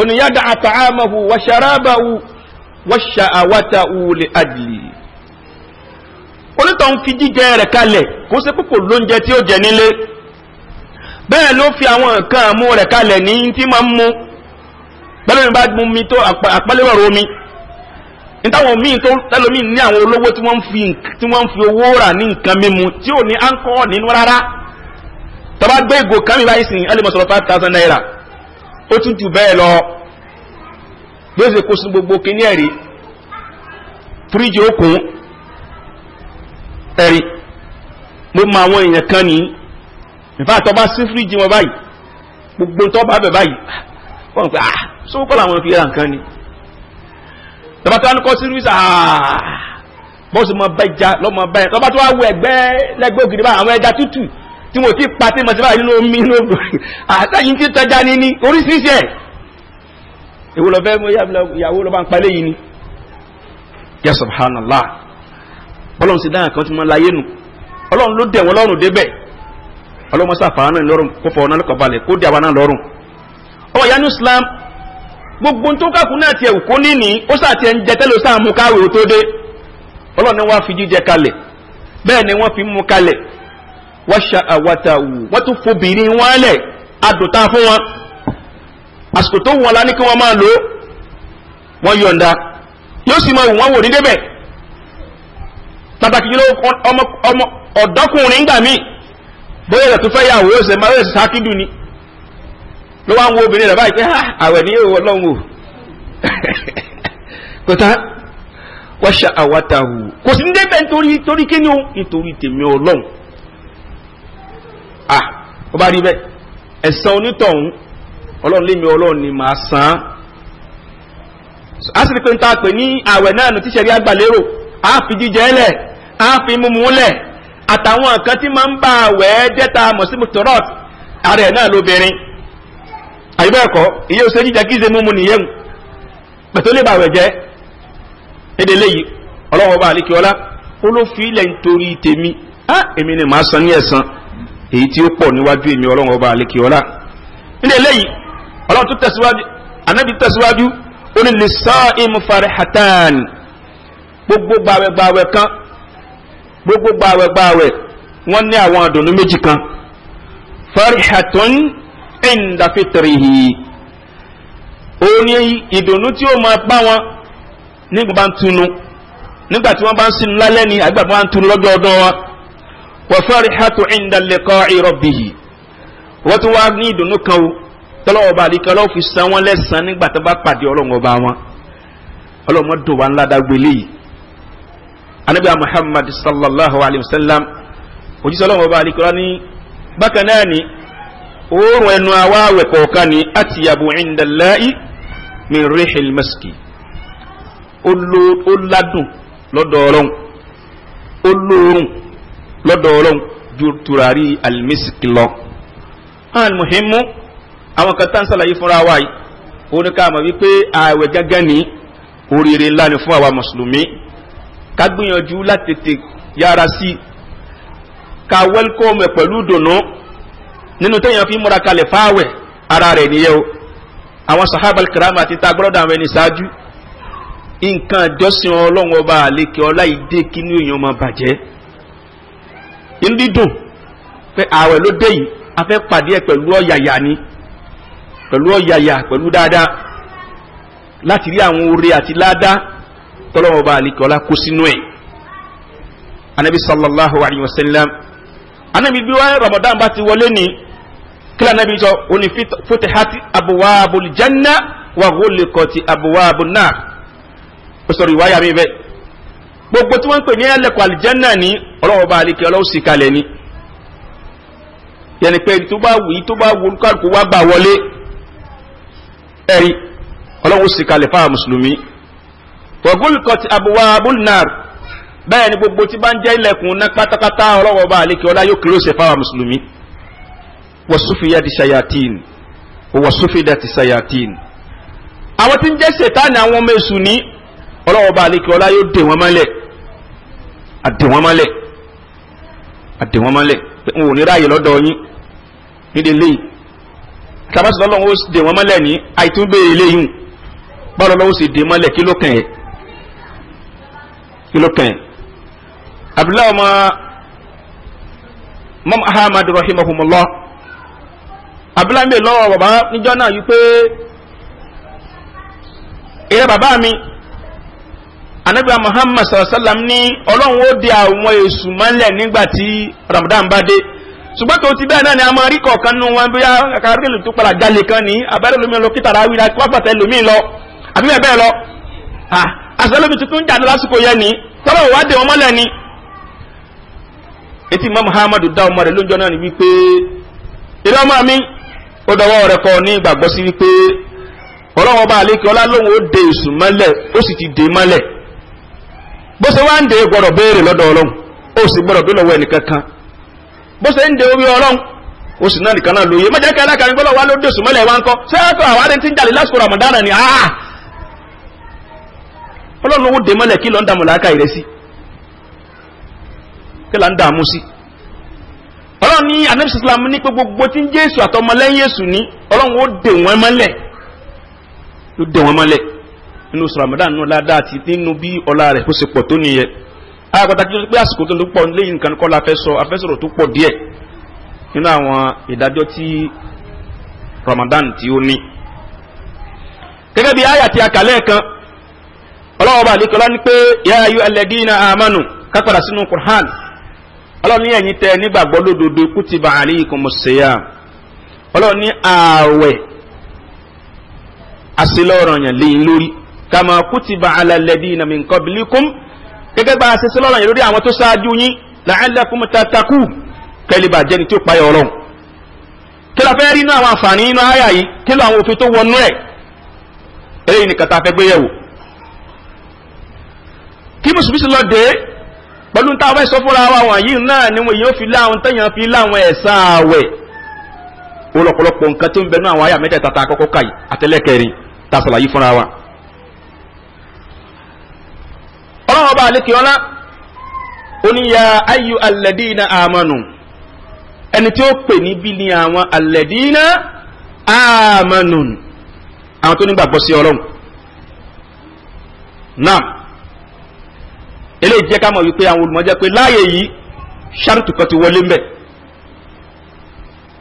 òní yàda àtàámàhù wàṣàràbàhù wàṣàwátàhù lè àdìlì onítọ̀ ń fi jíjẹ rẹ̀ kalẹ̀ kó ṣe púpọ̀ lóúnjẹ tí ó jẹ nílé bẹ́ẹ̀ ló fi àwọn nǹkan àmú rẹ̀ kalẹ̀ ní tí máa ń mú pẹ̀lú mi bá mú mi tó àpẹlẹ́wọ̀rọ̀ omi nítawọ̀n míì tó tẹ́lómi ní àwọn olówó tí wọ́n ń fi owó rà ní nǹkan mímu tí ò ní áńkọ́ nínú rárá tọ́ba gbé ìgò kan báyìí sìn ẹ́ five thousand naira ó tún jù bẹ́ẹ̀ lọ bí ó sì kó sí gbogbo kí ní ẹ̀rí fíríjì okùn ẹ̀rí mo mọ àwọn èèyàn kan ní ìfà tó bá sí fíríjì wọn báyìí gbogbo tó bá bẹ̀ báyìí wọ́n pẹ́ ah sówó kọ́ làwọn fi nǹkan ni tọ́ba tó wá ní kọ́ sí rúbísà ah, bọ́ọ̀sì mọ bẹ́ẹ̀ já lọ́mọ bẹ́ẹ̀ tọ́ba tó wá wọ ẹgbẹ́ lẹ́gbẹ́ ògiri báyìí àwọn ẹja tútù tí mo ti pa tí mo ti bá nínú omi inú odò àtàyí ah, tí tọ́já ní ní oríṣiríṣi ẹ̀ èwo lọ mú ìyàwó lọ ń palẹ̀ yìí ni ya subhanallah ọlọ́run sì dáhà kan tí wọ́n láyé nu ọlọ́run ló dẹ̀ wọ́n lọ́rùn débẹ̀ ọlọ́run sá fàánà lọ́rùn kó fọ ọ̀nà lọ́kọ̀ balẹ̀ kó dẹ̀ àwọn náà lọ́rùn ọmọ yanu islam gbogbo tó kàkún náà tiẹ̀ kó níní ó sà tiẹ̀ ń jẹ tẹ́lẹ̀ ó sà mú káwé ó tó dé ọlọ́run ni wọ́n fi jíjẹ kalẹ̀ bẹ́ẹ̀ ni wọ́n fi mú kalẹ̀ wọ́n àwàtàwù wọ́n tún fobìnrin wọn lẹ̀ adùntà fún wọn àsìkò tó wọn la ní kí wọ́n máa lò wọ́n yọ̀ǹda yóò sì máa wọ́n wò ní débẹ̀ pàtàkì jùlọ ọmọ ọ̀dọ́kùnrin ńgbà míì bóyá ìyàtọ̀ fẹ́ yà wò ṣe máa ń ni ló wá ń wo obìnrin rẹ̀ báyìí pé ah, àwẹ̀ ní o kò tán wọ́n àwàtàwù kò sí ní débẹ̀ nítorí kí ni nítorí tèmi à ah, ó bá rí bẹ́ẹ̀ ẹ̀sán onítọ̀hún ọlọ́run lémi ọlọ́run ni màá san án a sì rí pé n ta pè ní àwẹ̀ náà nù tíṣẹ̀rí àgbàlérò a fi jíjẹ lẹ̀ a fi mímu lẹ̀ àtàwọn nǹkan tí máa ń bá àwẹ̀ jẹ́ta mọ̀símù tọ́rọ̀t náà lóbìnrin iye òṣè jíjẹ kí ṣe mímu nìyẹn pẹ̀tọ́ lè bàwẹ̀ jẹ́ èdè léyìí ọlọ́wọ́ bá àlékè ó ló fi ilẹ̀ nítorí tèmi á ah, èmi ni màá san ní ẹ̀san èyí tí ó pọ̀ níwájú èmi ọlọ́run ọba àlekè ọlá nílẹ̀ eléyìí ọlọ́run tó tẹ̀síwájú anábì tẹ̀síwájú ó ní lè sọ ìmú farihatan gbogbo gbàwẹ̀gbàwẹ̀ kan gbogbo gbàwẹ̀gbàwẹ̀ wọn ní àwọn àdùnnú méjì kan farihatun inda fitrihi ó ní ìdùnnú tí ó máa bá wọn nígbà bá ń wàfẹ́rìhàtò ìndàlẹ́kọ́ ìrọ̀bìyì wọ́n tún wá ní ìdùnnú kan o tọ́lọ́wọ́ bá àlíkẹ́ ọlọ́wọ́ fi san wọ́n lẹ́sàn-án nígbà tó bá pàdé ọlọ́wọ́ bá wọn ọlọ́wọ́ dùn wá ńlá dágbé anabi muhammad sallallahu alayhi wa sallam òjíṣẹ́ ọlọ́wọ́ bá àlíkẹ́ ọlọ́ni bákan náà ni òórùn ẹnu awáwẹ̀ kọ̀ọ̀kan ni àtìyàbò mi rihil maski ó ládùn lọ́dọ̀ ọlọ́run ó lọ́dọ̀ ọlọ́run ju tùràrí alimisiki lọ. alimuhimu àwọn kan tá ń sàlàyé fúnra wa yìí ó ní ká mọ̀ wípé ààwẹ̀ gángan ní oríire ńlá ni fún àwa mùsùlùmí ká gbìyànjú láti tètè yára sí i ká wẹ́lkọ́mù ẹ̀ pẹ̀lú dùnú nínú téèyàn fi múra kalẹ̀ fáwẹ̀ ara rẹ̀ nìyẹn o àwọn sahabal kirama àti tá gbọ́dọ̀ àwọn ẹni ṣáájú nǹkan ìjọsìn ọlọ́run àlekè ọlá kí ni èèyàn máa bàjẹ́ inú dídùn pé ààwẹ̀ ló dé yìí a fẹ́ pàdé ẹ pẹ̀lú ọ̀yàyà ni pẹ̀lú ọ̀yàyà pẹ̀lú dáadáa láti rí àwọn oore àti ládàá tọ́lọ́wọ́ bá àlekọ́lá kó sínú ẹ̀ anabi sallallahu alayhi wa sallam anabi bí wáyé ramadan bá ti wọlé ni kí lànà bí sọ òní futihati abuwaabul janna wa abuwa abuwaabun nar ó sọ rí mi bẹ́ẹ̀ gbogbo tí wọ́n ń pè ní ẹlẹ́kọ̀ àlìjẹ́nà ní ọlọ́wọ́ bá alikẹ́ ọlọ́wọ́ sì kalẹ̀ ni yẹnni pé tó bá wù í tó bá wù kálukú wá gbà wọlé ẹ̀rí ọlọ́wọ́ sì kalẹ̀ fáwọn mùsùlùmí wọ́gùlùkọ́t abuwaabul nar bẹ́ẹ̀ ni gbogbo tí bá ń jẹ́ ilẹ̀kùn ná pátápátá ọlọ́wọ́ bá alikẹ́ ọlá yóò kéré ọ̀sẹ̀ fáwọn mùsùlùmí wọ́sùfìyà ti ti ṣayatin àwọn tí ọlá yóò dè wọ́n mọ́lẹ̀ àdèwọ́mọ́lẹ̀ àdèwọ́mọ́lẹ̀ n ò ní ráàyè lọ́dọ̀ yín nídìí eléyìí tabasi lọ́lọ́run ó dè wọ́n mọ́lẹ̀ ní àìtúgbé eléyìí báwo lọ́wọ́ sì dè mọ́lẹ̀ kí ló kàn yẹ kí ló kàn yẹ. abdullahi ọmọ mọ́m ahmad rahimahumullah abdullahi mi lọ́wọ́ bàbá níjọ́ náà yí pé ìrẹ́ bàbá mi anabiwa muhammad sallam ni ọlọ́run ó di àwọn èṣù mọ́lẹ̀ nígbà tí ramadan bá dé ṣùgbọ́n tó ti bẹ́ẹ̀ náà ni a máa rí kọ̀ọ̀kan nínú wọn bóyá akárẹ́lù tó padà jalè kan ní abẹ́rẹ́ lómi lọ kíta ráwí ra wọ́n pàtẹ́ lómi lọ àbí bẹ́ẹ̀ bẹ́ẹ̀ lọ àṣà lómi tuntun ń jáde lásìkò yẹn ni tọ́lọ̀ wá dé wọn mọ́lẹ̀ ni. etí mọ́ muhammadu dá ọmọ rẹ̀ lóúnjọ náà ni wípé ilé ọmọ mi ó dọwọ́ rẹ̀ kọ ní ìgbàgbọ́ wípé ọlọ́wọ́ bá àlékè ọlá lóhùn ó de èṣù mọ́lẹ̀ ó sì ti dè mọ́lẹ̀ bó ṣe wá ń dè gbọ́dọ̀ béèrè lọ́dọ̀ ọlọ́run ó sì gbọ́dọ̀ bí lọ́wọ́ ẹnì kankan bó ṣe ń dè orí ọlọ́run ó sì náà nìkan náà lóye má jẹ́ kí alákàrin gbọ́dọ̀ wá ló dé sùmọ́lẹ̀ wá ń kọ́ sẹ́yàtọ̀ àwárí ti ń jalè lásìkò ramadana ni ah ọlọ́run owó dè mọ́lẹ̀ kí ló ń dààmú làákà ìrẹsì kí là ń dààmú sí ọlọ́run ní anabisi islam ní pé gbogbo tí ń jésù àtọmọlẹ́yìn yésù ní ọlọ́run ó dè wọ́n mọ́lẹ̀ ó dè wọ́n mọ́lẹ̀ nínú oṣù Ramadan nínú ládàá àti nínú bí ọlá rẹ̀ kó ṣe pọ̀ tó nìyẹn. a pàtàkì pé àsìkò tó ń pọ̀ lẹ́yìn nǹkan kọ́ la fẹ́ sọ afẹ́sọ̀rọ̀ tó pọ̀ díẹ̀ nínú àwọn ìdájọ́ tí Ramadan tí ó ní. gẹ́gẹ́ bí àyà tí a kà lẹ́ẹ̀kan ọlọ́wọ́ bá àlékọ́lá ní pé yā ayyuhal ladhīna āmanū kápẹ́rà sínú Qur'an ọlọ́run ní ẹ̀yin tẹ nígbàgbọ́ lódodo kútìbà alaykumus siyam ọlọ́run ààwẹ̀ àṣelọ́rọ̀ yàn lẹ́yìn lórí kàmá kùtìbà alàlẹ́dínà min qablikum gẹ́gẹ́ bá a ṣe sílọ́ọ̀lá yẹn lórí àwọn tó ṣáájú yín la'allakum tattaqu kẹ́lẹ́bà jẹ́ni tí ó payọ̀ ọlọ́run kí la fẹ́ rí inú àwọn àǹfààní inú àyà yìí kí àwọn òfin tó wọnú ẹ̀ eléyìí nìkan tá fẹ́ gbé kí mùsùlùmí lọ dé pẹ̀lú tá a fẹ́ fúnra wa wọ̀nyí náà ni wọn yóò fi láwọn tẹ̀yàn fi láwọn ẹ̀sán àwẹ̀ olọ̀pọ̀lọpọ̀ nǹkan tó ń bẹnu àwọn àyà mẹ́tẹ̀ẹ̀ta tá a kọ́kọ́ kà yìí àtẹlẹ́kẹrin tá a sàlàyé fúnra wa. ọba àlekèọ́lá oníyà ayu alẹ́dínà àmọ́nù ẹni tí ó pè níbí ni àwọn alẹ́dínà àmọ́nù àwọn tó nígbàgbọ́ sí ọlọ́run náà eléyìí jẹ́ ká mọ̀ wípé àwọn olùmọ̀jẹ́ pé láàyè yìí ṣáàtù kan ti wọlé mbẹ̀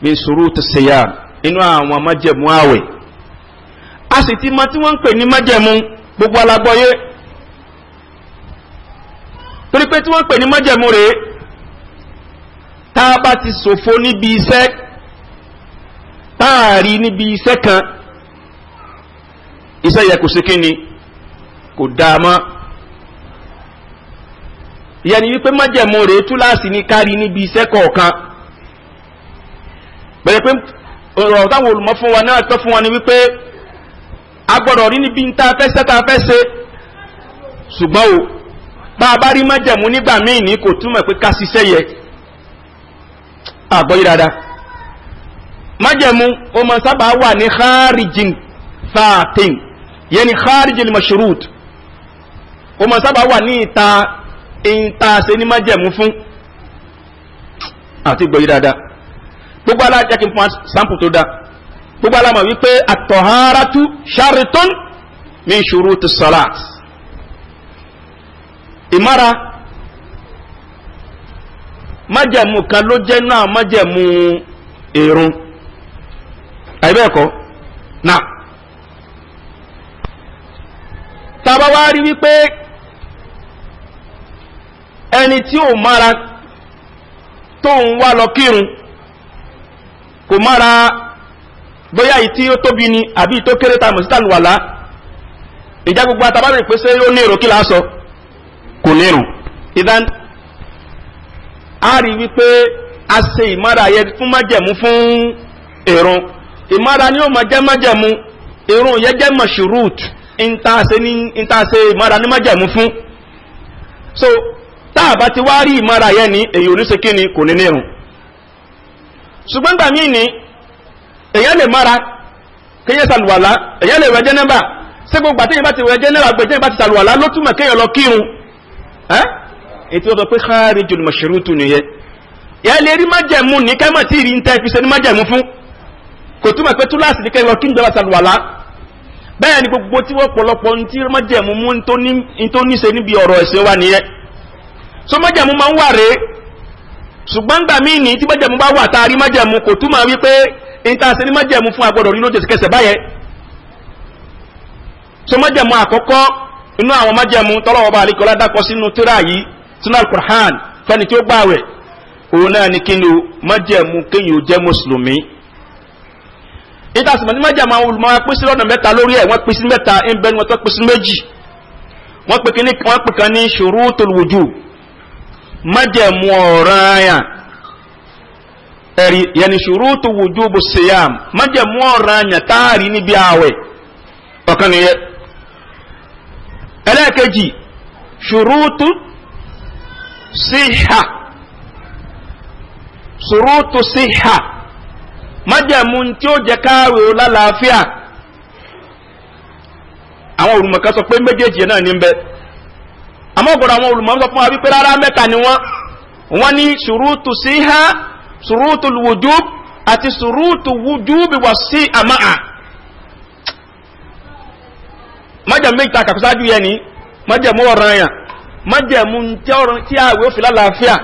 min sùúrù ti ṣèyà nínú àwọn májẹ̀mú àwẹ̀ a sì ti mọ tí wọ́n ń pè ní májẹ̀mú gbogbo alágbọ́yé torí pé tí wọ́n pè ní májẹ̀mú rèé tá a bá ti ṣòfò níbi iṣẹ́ tá a rí níbi iṣẹ́ kan iṣẹ́ yẹ kò sí kí ni kò dáa mọ́ ìyẹn ni wípé májẹ̀mú rèé túláàsì ní kárí níbi iṣẹ́ kọ̀ọ̀kan bẹ̀rẹ̀ pé ọ̀rọ̀ táwọn olùmọ̀ fún wa náà tọ́ fún wa ni wípé a gbọ́dọ̀ rí níbi ń tá a fẹ́ ṣe fẹ́ ṣe ṣùgbọ́n o bá a bá rí májẹ̀mú nígbà míì ní kò túmọ̀ pé ká ṣiṣẹ́ yẹ àgbọ́yé dáadáa májẹ̀mú ó máa sábà wà ní kharijin thaatin yẹn ni kharijin mashurut O máa sábà wà ní ìta ìta ṣe ní májẹ̀mú fún àti gbọ́yé dáadáa gbogbo alájẹ́ kí n fún sample tó dáa gbogbo alámọ̀ wípé àtọ̀hárátú ṣáritún min ṣurutu salat ìmára májẹ̀mú kan ló jẹ́ náà májẹ̀mú ìrun àìbẹ́ẹ̀kọ́ náà tàbá wá rí wípé ẹni tí ò mára tó ń wá lọ kírun kò mára bóyá yìí tí ó tóbi ni àbí tó kéré ta mọ̀ sí ìjà gbogbo àtàbá rẹ̀ pèsè ó ní èrò kí làá kò nírun ìdán a rí wípé a ṣe ìmára yẹ fún májẹ̀mú fún ìrun ìmára ni ó máa jẹ́ májẹ̀mú ìrun yẹn jẹ́ mashurut ìtaṣe ìmára ní májẹ̀mú fún so tá a bá ti wá rí ìmára yẹn ní èyí oníṣe kí ni kò ní nírun ṣùgbọ́n gbà míì ní èyàn lè mára kéyàn ṣàlùwàlá èyàn lè wẹ̀ jẹ́nẹ́bà ṣé gbogbo bá ti wẹ̀ jẹ́nẹ́bà gbẹ̀jẹ́ bá ti ṣàlùwàlá ló túmọ̀ kéyàn lọ kírun ètò ọ̀sọ̀ pé kharijul mashrutu nìyẹn yà lè rí májẹ̀mú ní kẹ́mọ̀ tí ìrìn tẹ́ fi ṣe ní májẹ̀mú fún kò túmọ̀ pé túláàsì ní kẹ́lọ kí n jọba sàlùwàlá bẹ́ẹ̀ ni gbogbo tí wọ́n pọ̀lọpọ̀ ní tí májẹ̀mú mú ní tó ní ṣe níbi ọ̀rọ̀ ẹ̀sìn wa nìyẹn so májẹ̀mú máa ń wà rèé ṣùgbọ́n gbà mí ní tí májẹ̀mú bá wà inú àwọn májẹ̀mú tọ́lọ́wọ́ bá àlekọ́lá dákọ sínú tíra yìí sínú alukur'an fẹ́ni tí ó gbààwẹ̀ òun náà ni kí ni o májẹ̀mú kéyìn ó jẹ́ mùsùlùmí. ìtàsìmọ̀ ní májẹ̀mú àwọn olùmọ̀ pín sí lọ́nà mẹ́ta lórí ẹ̀ wọ́n pín sí mẹ́ta ń bẹ́ni wọ́n tó pín sí méjì wọ́n pè kíní wọ́n pè kan ní ṣurutul wujub májẹ̀mú ọ̀ranyàn ẹ̀rí yẹni ṣurutul wujubu siyam májẹ̀mú ọ̀ranyàn táàrí níbi ààwẹ̀ ọ̀kan nìyẹn ẹlẹ́ẹ̀kejì ṣùrútù síhà ṣùrútù síhà májẹ̀mú tí ó jẹ káàwé o lálàáfíà àwọn olùmọ̀ká sọ pé méjèèjì náà ní bẹ àmọ́ ọ̀gọ̀dọ̀ àwọn olùmọ̀ sọ fún wa wípé rárá mẹ́ta ni wọ́n wọ́n ní ṣùrútù síhà ṣùrútù wùjúb àti ṣùrútù wùjúb wà sí àmáà májẹ̀mú méjì takà sáájú yẹn ni májẹ̀mú ọ̀ràn yẹn májẹ̀mú tí àwẹ̀ òfin lálàáfíà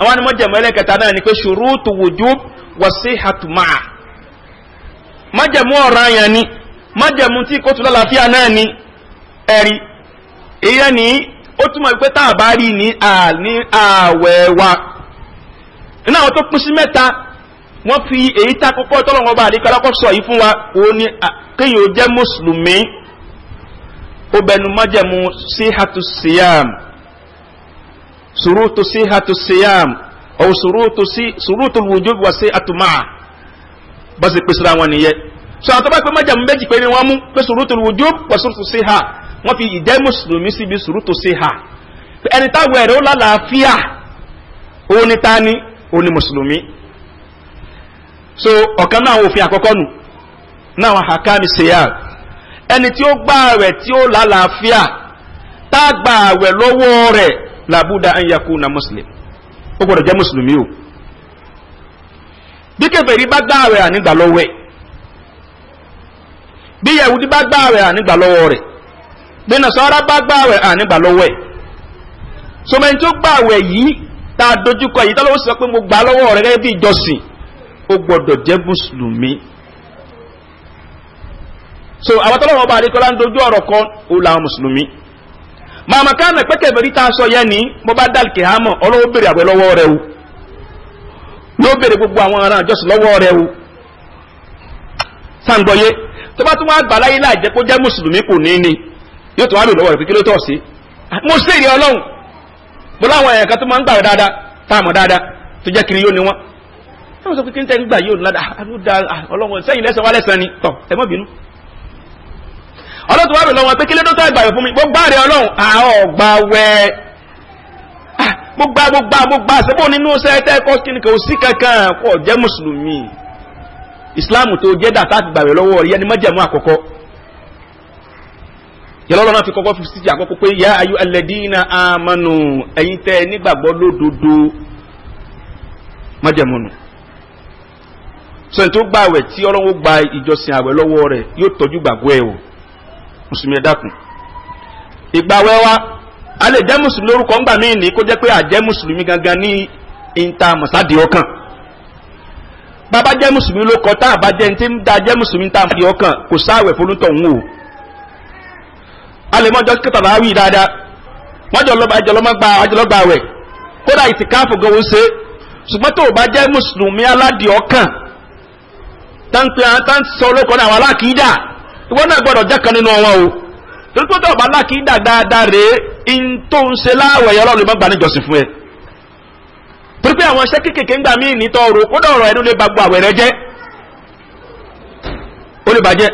àwọn májẹ̀mú ẹlẹ́kẹta náà ni pé ṣurutu wujub wa sihhatu ma'a májẹ̀mú ọ̀ràn yẹn ni májẹ̀mú tí kóòtù lálàáfíà náà ni ẹ̀rí ìyẹn ni ó túmọ̀ pé tá a bá rí ní àwẹ̀ wa iná àwọn tó pín sí mẹ́ta wọ́n fi èyí tá kọ́kọ́ tọ́lọ́wọ́n bá àdékọ́lọ́kọ́ sọ yìí fún wa òun ni kéèyàn jẹ́ mùsùlùmí ó bẹnu mọ́jẹ̀mú síhàtú síyàm sùrùtù síhàtú síyàm ọ̀ sùrùtù wùjúb wà sí àtùmáà bá sì pèsè àwọn nìyẹn sọ àwọn tó bá pé mọ́jẹ̀mú méjì pé ni wọ́n mú pé sùrùtù wùjúb wà sùrùtù síhà wọ́n fi ìjẹ́ mùsùlùmí síbi sùrùtù síhà ẹni táwọn ẹ̀rọ lálàáfíà òun ni tani òun ni mùsùlùmí so ọ̀kan náà òfin àkọ́kọ́ nù náà àkàmì síyàm ẹni tí ó gba rẹ̀ tí ó lálàáfíà tá a gba àwẹ̀ lọ́wọ́ rẹ̀ làbúdà an yakuna muslim ó gbọ́dọ̀ jẹ́ mùsùlùmí o bí kèfèrí bá gba rẹ̀ ànígbà lọ́wọ́ ẹ̀ bí bá gba àwẹ̀ ànígbà lọ́wọ́ rẹ̀ bí gba ànígbà lọ́wọ́ ẹ̀ sọmọyìn tó yìí tá a yìí sọ pé mo gbà lọ́wọ́ rẹ̀ gẹ́gẹ́ bí ìjọsìn ó gbọ́dọ̀ so àwọn tọ́lọ́wọ́ bá adékọ́lá ń dojú ọ̀rọ̀ kan ó làwọn mùsùlùmí màmá kánà pẹ́kẹ́ bẹ̀rí tá a sọ yẹn ni mo bá dàlù kìhámọ̀ ọlọ́wọ́ bèrè àwẹ̀ lọ́wọ́ rẹ o yóò bèrè gbogbo àwọn ará àjọsìn lọ́wọ́ rẹ o sàǹgbọ̀yé tó bá tún wá gbà láyé láàjẹ́ kó jẹ́ mùsùlùmí kò ní ni yóò tún wá lò lọ́wọ́ rẹ kékeré tọ̀ sí mo sì rí ọlọ́run mo láwọn èèyàn kan tó máa ń gbà dáadáa tá a mọ̀ dáadáa tó jẹ́ kiri yóò ní wọn táwọn sọ pé kí n tẹ́ ń gbà yóò ní ládàá ọlọ́run sẹ́yìn lẹ́sẹ̀ wá ni tọ̀ ẹ mọ́ bínú ọlọ́run tó wá bẹ̀ lọ́wọ́ pé kí ló dọ́tà ìgbàwẹ̀ fún mi gbogbo àrẹ ọlọ́run àwọn ọ̀gbà wẹ̀ gbogbo ah, gbogbo gbogbo àṣẹ́bọ̀ nínú sẹ́tẹ́ ẹ̀kọ́ kí ni kò sí kankan kò jẹ́ mùsùlùmí islam tó jẹ́ dàtà àti gbàwẹ̀ lọ́wọ́ rẹ̀ yẹni mọ́jẹ̀mú àkọ́kọ́ yọlọ́lọ́ náà fi kọ́kọ́ fi síti àkọ́kọ́ pé yá ayú alẹ́dínà àmọ́nù ẹ̀yin tẹ́ nígbàgbọ́ lódodo mọ́jẹ̀mú nù sọ̀rọ̀ tó gbàwẹ̀ tí ọlọ́wọ́ gba ìjọsìn àwẹ̀ lọ́wọ́ rẹ̀ yóò tọ́jú gbàgbọ́ ẹ̀ o mùsùlùmí ẹ̀dákun ìgbà wẹ́wà a lè jẹ musulmi lórúkọ ńgbà míì ní kó jẹ pé musulmi gangan ní ìta mọ̀sádìí ọkàn bàbá jẹ́ mùsùlùmí ló kọ tá da jẹ musulmi ta ọkàn kò sáwẹ̀ fólúntọ̀ ń wò a lè mọ́jọ́ wí dáadáa lọ́ba ẹjọ́ ẹjọ́ lọ́ba wẹ̀ kódà gan ṣe ṣùgbọ́n tó o bá ọkàn tá tá sọ náà ìwọ náà gbọ́dọ̀ jẹ́ kan nínú wọn o torí pé tọ́ọ̀bá láàkì dà dáadáa rèé in tó ń ṣe láàwẹ̀ ẹ̀yọ́ ọlọ́run lè má gbà níjọsìn fún ẹ torí pé àwọn iṣẹ́ kéékèèké ń gbà mí ní tọrọ kódà ọ̀rọ̀ ẹnu lè ba gbọ́ àwẹ̀ rẹ jẹ́ ó lè bàjẹ́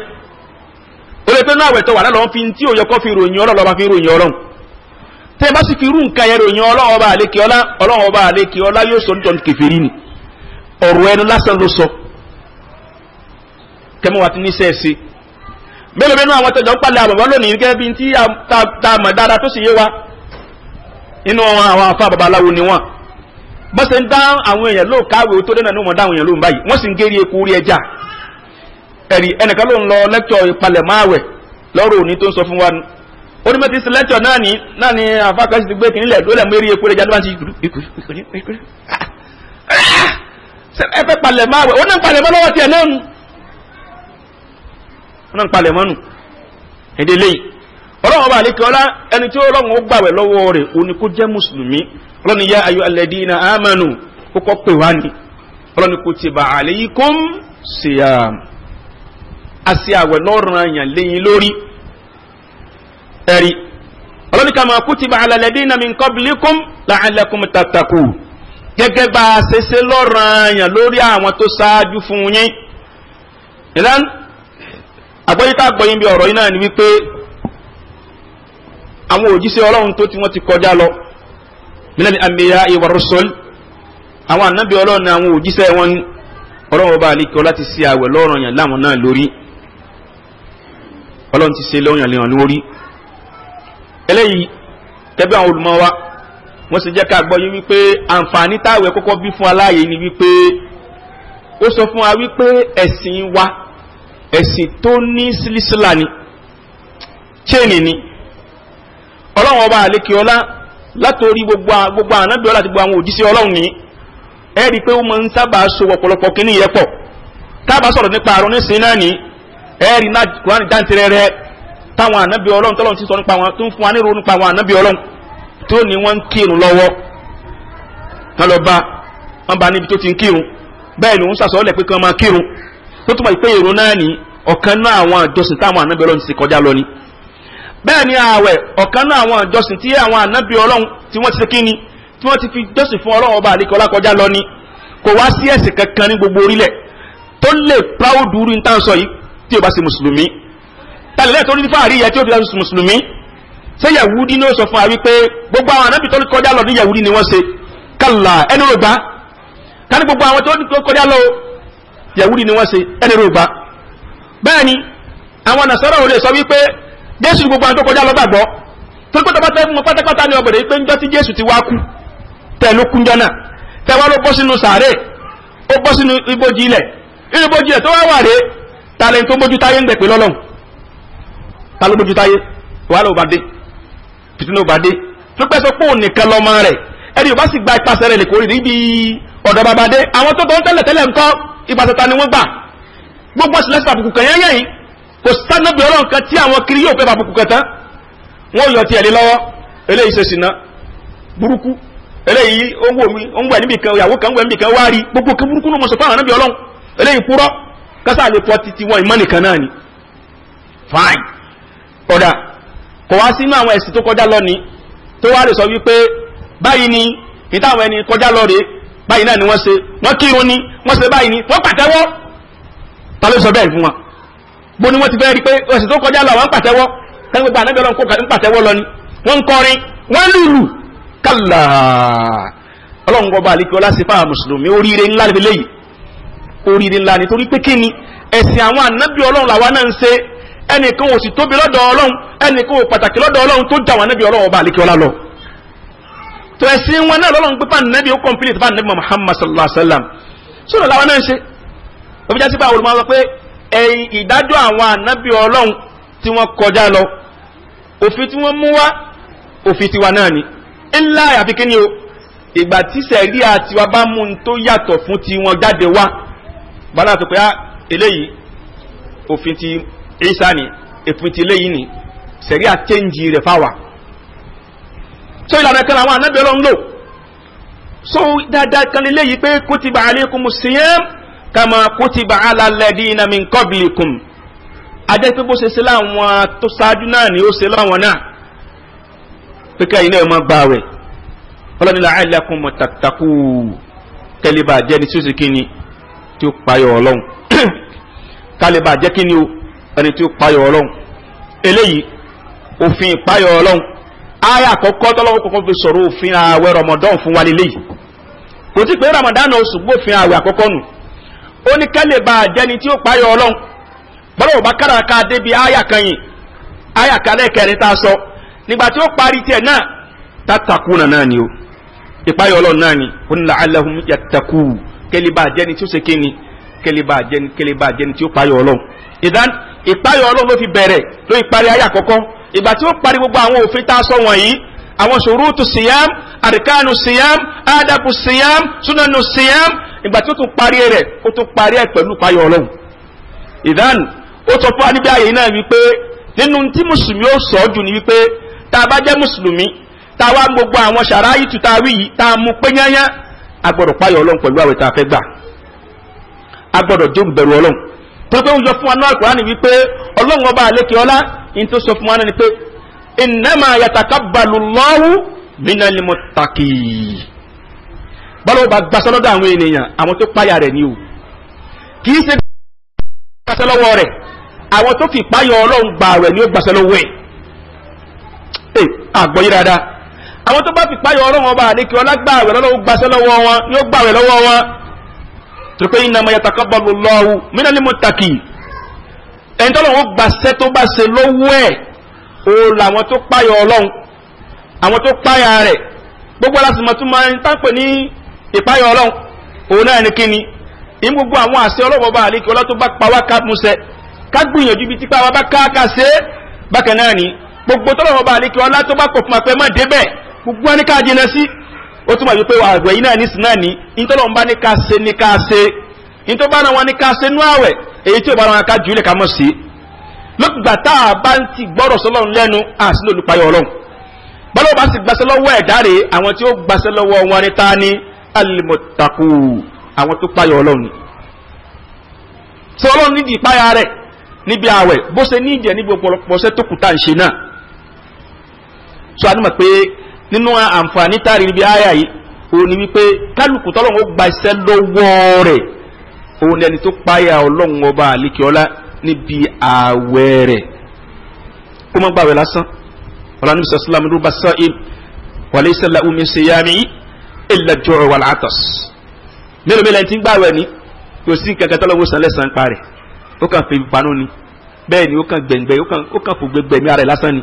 ó lè pé náà àwẹ̀ tó wà lọ́wọ́ fi tí òyọkọ́ fi ròyìn ọlọ́run ọba fi ròyìn ọlọ́run tẹ́ ẹ bá sì fi irú nǹkan yẹn ròyìn ọlọ́run ọba àlékè ọlá ọlọ́run ọba àlékè ọlá yóò sọ nítorí kèfèrí ni ọ̀rọ̀ ẹnu lásán ló sọ kẹ́mọ́wá ti ní sẹ́ẹ̀sì mélòó mẹ́nu àwọn tẹ̀jọ́ ń palẹ̀ àbàbà lónìí gẹ́gẹ́ bí tí a mọ̀ dáadáa tó sì yé wa inú wọn àwọn afá babaláwo ni wọn bó ṣe ń dá àwọn èèyàn ló káwé tó dẹ́nà ní wọn dá àwọn èèyàn ló ń báyìí wọ́n sì ń gérí eku orí ẹja ẹ̀rí ẹnìkan ló ń lọ lẹ́kítọ̀ ìpalẹ̀ máàwẹ̀ lọ́rọ̀ òní tó ń sọ fún wa ó ní mẹ́tí sí lẹ́kítọ̀ náà ní náà ní afá kan sì ti gbé kìnìlẹ̀ ló lẹ̀ mú eré eku orí ẹja ló bá ń ti ah! ah! ẹ fẹ́ palẹ̀ máàwẹ̀ ó náà palẹ̀ máa lọ́wọ́ tiẹ̀ náà náà ń palẹ̀ mọ́nù èdè léyìí ọlọ́run ọba àlékè ọlá ẹni tí ọlọ́run ó gbàwẹ̀ lọ́wọ́ rẹ̀ òní kó jẹ́ mùsùlùmí ọlọ́run yá ayọ̀ alladina amanu ó kọ́ pè wá ní ọlọ́run kutiba alaykum siyam àti àwẹ̀ lọ́rùn àyàn lẹ́yìn lórí ẹ̀rí ọlọ́run kama kutiba ala alladina min qablikum la'allakum tattaqun gẹ́gẹ́ bá a ṣe ṣe lọ́rùn àyàn lórí àwọn tó ṣáájú fún yín ìlànà àgbọ́yítà àgbọ́yí bí ọ̀rọ̀ iná ni wípé àwọn òjíṣẹ́ ọlọ́run tó ti wọ́n ti kọjá lọ mílẹ̀ ní amẹ́yà ìwà rọ́sọ́l àwọn ànábì ọlọ́run ni àwọn òjíṣẹ́ wọn ọlọ́run ọba àlekẹ́ ọ láti ṣe àwẹ̀ lọ́rọ̀ yàn láwọn náà lórí ọlọ́run ti ṣe lọ́rọ̀ yàn lórí eléyìí tẹ́bí àwọn olùmọ̀ wa wọ́n sì jẹ́ ká gbọ́ yín wípé àǹfààní táwẹ̀ kọ́kọ́ bí fún aláàyè ni wípé ó sọ fún wa wípé ẹ̀sìn wa ẹ̀sìn tó ní sílísílà ni chain ni ọlọ́run ọba àlékè ọlá látòrí gbogbo ànábì ọlá àti gbogbo àwọn òjíṣẹ́ ọlọ́run ní ẹ rí i pé ó máa ń sábà so ọ̀pọ̀lọpọ̀ kíní yẹn pọ̀ tábà sọ̀rọ̀ nípa àrùn nísìnyí náà ní ẹ rí náà kúránì dáńtìrẹrẹ táwọn ànábì ọlọ́run tọ́lọ́run ti sọ nípa wọn tó ń fún wa nírò nípa àwọn wọn lọ bá níbi tó ti ń kírun bẹ́ẹ̀ ni òun ṣàṣọ́ọ́lẹ̀ tó túmọ̀ ìpè ìrun náà ni ọ̀kan náà àwọn àjọsìn táwọn ànábì ọlọ́run ti kọjá lọ ni bẹ́ẹ̀ ni ààwẹ̀ ọ̀kan náà àwọn àjọsìn tí àwọn ànábì ọlọ́run tí wọ́n ti ṣe kíni tí wọ́n ti fi jọ́sìn fún ọlọ́run ọba àlekọ́lá kọjá lọ ni kò wá sí ẹ̀sìn kankan ní gbogbo orílẹ̀ tó lè proud rú ní táwọn sọ yìí tí o bá ṣe mùsùlùmí tàlẹ́lẹ́ tó ní fáàrí yẹ tí o fi ṣe mùsùlùmí ṣé yahudi ní ó sọ fún wa wípé gbogbo àwọn ànábì tó kọjá lọ ní yahudi ni wọ́n ṣe kàlà ẹnu rògbà ká gbogbo àwọn tó kọjá lọ yahudi ni wọ́n ṣe ẹni rò gbà bẹ́ẹ̀ ni àwọn nasara ò lè sọ wípé jésù gbogbo àwọn tó kọjá lọ gbàgbọ́ tó gbọ́dọ̀ bá tẹ́ fún wọn pátápátá ni ọbẹ̀rẹ̀ pé njọ́ tí jésù ti wá kú tẹ̀ ló kúnjọ́ náà tẹ̀ wá ló bọ́ sínú sàárè ó bọ́ sínú ibojì ilẹ̀ inú ibojì ilẹ̀ tó wá wà rè talẹ̀ tó mójú táyé ń gbẹ̀pẹ̀ lọ́lọ́hùn ta ló mójú táyé wàhálà ò bá dé fìtínà ò bá dé tó pẹ́ sọ pé òun nìkan lọ́mọ rẹ̀ ẹni ò bá sì gba ipasẹ̀ rẹ̀ lè kórè níbi ọ̀dọ̀ bàbá dé àwọn tó tọ́ tẹ́lẹ̀ tẹ́lẹ̀ ńkọ́ ìbàtàtà ni wọ́n gbà gbogbo ṣẹlẹ̀ sàbùkù kan yẹ́yẹ́ yìí kò sánàbì ọlọ́run kan tí àwọn kiri yóò fẹ́ bàbùkù kan tán wọ́n yọ ti ẹ̀lẹ́ lọ́wọ́ eléyìí ṣe ṣìnà burúkú eléyìí ó ń wò mí ó ń wẹ̀ níbi kan ìyàwó kan wẹ̀ níbi kan wá rí gbogbo kan burúkú ló mọ̀ àwọn fine kódà kò wá sínú àwọn ẹ̀sìn tó kọjá lọ ni tó wá lè sọ wípé ẹni kọjá lọ rèé báyìí náà ni wọ́n ṣe wọ́n kírun ni wọ́n ṣe báyìí ni wọ́n pàtẹ́wọ́ ta ló sọ bẹ́ẹ̀ fún wọn bó ni wọ́n ti fẹ́ rí pé ọ̀sẹ̀ tó kọjá lọ wọ́n pàtẹ́wọ́ kẹ́ni gbogbo ànábẹ́ ọlọ́run kó kàdé ń pàtẹ́wọ́ lọ ni wọ́n ń kọrin wọ́n lùlù kàlà ọlọ́run kọba àlekí ọlá mùsùlùmí oríire ńlá lè léyìí oríire ńlá ni torí pé kí ni ẹ̀sìn àwọn ànábì ọlọ́run làwa náà ń ṣe ẹnìkan ò sì tóbi lọ́dọ̀ ọlọ́run ẹnìkan ò pàtàkì lọ́dọ̀ ọlọ́run tó dà wọn ànábì ọlọ́run ọba àlekí ọlá lọ tó ẹ̀sìn wọn náà lọ́lọ́run pé fáànù nẹ́bí ó complete fáànù nẹ́bí Muhammad sallallahu alayhi wa sallam sọ̀rọ̀ làwọn náà ń ṣe òfin jásí pé àwọn olùmọ̀ sọ pé ẹ̀yìn ìdájọ́ àwọn ànábì ọlọ́run tí wọ́n kọjá lọ òfin tí wọ́n mú wá òfin tiwa náà ni ńlá àyàfi kí ni o ìgbà tí sẹ̀ríà tiwa bá mú un tó yàtọ̀ fún tiwọn jáde wá bàbá àti pé ah, eléyìí òfin ti Ìsá ni òfin ti eléyìí ni sẹ̀ríà chẹ́ǹjì rẹ̀ fáwa so ìlànà kan àwọn ànábì Ọlọ́run lò so dáadáa kan lè léyìí pé kutiba alaykumus siyam kama kutiba ala alladina min qablikum ajẹ́ pé bó ṣe ṣe láwọn tó ṣáájú náà ni ó ṣe láwọn náà pé kẹ́yìn náà máa gbààwẹ̀ ọlọ́ni la'allakum tattaqu kẹ́lẹ́bà jẹ́ ni tí ó ṣe kí ni tí ó payọ̀ ọlọ́run kálẹ́bà jẹ́ kí ni o ẹni tí ó payọ̀ ọlọ́run eléyìí òfin ìpayọ̀ ọlọ́run aya àkọ́kọ́ tọ́lọ́wọ́ kọ́kọ́ fi sọ̀rọ̀ òfin ààwẹ̀ ramadan fún wa lélẹ́yìí kò sí pé ramadan oṣù gbófin ààwẹ̀ àkọ́kọ́ nù ó ní kẹ́lẹ̀ bá a jẹ́ni tí ó ọlọ́run bọ́lá ò bá débi aya kan aya tá a sọ nígbà tí ó parí tiẹ̀ náà náà ni o ìpayọ̀ ọlọ́run náà ni ó ní làálàhùn bá a jẹ́ni tí ó ṣe bá a jẹ́ni bá a ìgbà tí ó parí gbogbo àwọn òfin tá a sọ wọ̀nyí àwọn ṣòrútù siyam àríkánu siyam ádàbù siyam súnanù siyam ìgbà tí ó tún parí rẹ̀ ó tún parí ẹ̀ pẹ̀lú payọ̀ ọlọ́run ìdán ó sọ fún wa níbi ààyè náà wípé nínú tí mùsùlùmí ó sọ jù ni wípé tá a bá jẹ́ mùsùlùmí tá a wá gbogbo àwọn ṣàrá yìí tuta wí yìí tá a mú pé yányá a payọ̀ ọlọ́run pẹ̀lú àwẹ̀ tá a fẹ́ gbà a jó bẹ̀rù ọlọ́run tọ́pẹ́ ń sọ fún wa náà Kùránì wípé ọlọ́run ọba àlékè ọlá in tó sọ fún wa náà ni pé innama yatakabbalu Allahu minal muttaqi bọ́lá ọba gbaṣẹ́ lọ́dọ̀ àwọn ènìyàn àwọn tó páyà rẹ̀ ni o kì í ṣe gbaṣẹ́ lọ́wọ́ rẹ̀ àwọn tó fi páyà ọlọ́run gbà rẹ̀ ni ó gbaṣẹ́ lọ́wọ́ ẹ̀ ẹ àgbọ̀yé dáadáa àwọn tó bá fi páyà ọlọ́run ọba àlékè ọlá gbà rẹ̀ lọ́wọ́ torí pé innama yataqabbalu Allahu minal muttaqin ẹni tọ́lọ̀ wọn gbàṣẹ́ tó bá ṣe lọ́wọ́ ẹ̀ o làwọn tó páyà ọlọ́run àwọn tó páyà rẹ̀ gbogbo alásùnmọ̀ tó máa ń tánpẹ̀ ní ìpáyà ọlọ́run òun náà ní kíni ìmú gbogbo àwọn àṣẹ ọlọ́wọ́ bá àlékè ọlọ́ tó bá pa wá ká musẹ̀ ká gbìyànjú ibi típa wa bá ká ká ṣe é bákan náà ni gbogbo tọ́lọ́wọ́ bá àlékè ọlá bá pọ̀ fún apẹ́ mọ́ débẹ̀ gbogbo wọn ní ká jìnà sí ó túmọ̀ yìí pé àwẹ̀ yìí náà ní sinna ní ìtọ́lọ̀ ń bá ní ká ṣe ní ká ṣe ìtọ́ bá náà wọn ní ká ṣe nú àwẹ̀ èyí tí ò bá náà wọn ká jù ú lè ká mọ̀ sí i lókùgbà tá a bá ń ti gbọ́rọ̀ sọlọ́run lẹ́nu àti ní olùpayọ̀ ọlọ́run bọ́lá bá sì gbaṣẹ́ lọ́wọ́ ẹ̀dá rè àwọn tí ó gbaṣẹ́ lọ́wọ́ wọn ní ta ni alimọ̀tàkù àwọn tó ni tí ọlọ́run nídìí ìpáyà rẹ̀ níbi nínú àǹfààní táàrí níbi àyà yìí òun ni wípé kálukú tọ́lọ́run ó gba iṣẹ́ lọ́wọ́ rẹ̀ òun lẹni tó páyà ọlọ́run ọba àlekèọ́lá níbi ààwẹ̀ rẹ̀ kó má gbàwẹ̀ lásán ọ̀la níbi sàlámù ló bá sọ ib wàlẹ́ ìṣẹ̀lẹ̀ omi ṣe yá mi ìlà jọ̀rọ̀ wà látọ̀s mélòó mélòó ẹni tí ń gbàwẹ̀ ni kò sí nǹkan kan tọ́lọ́wọ́ sàn lẹ́sàn pa rẹ̀ ó kàn fi panú ni bẹ́ẹ̀ ni ó kàn gbẹ̀ngbẹ̀ ó kàn fògbẹ̀gbẹ̀mí ara rẹ̀ lásán ni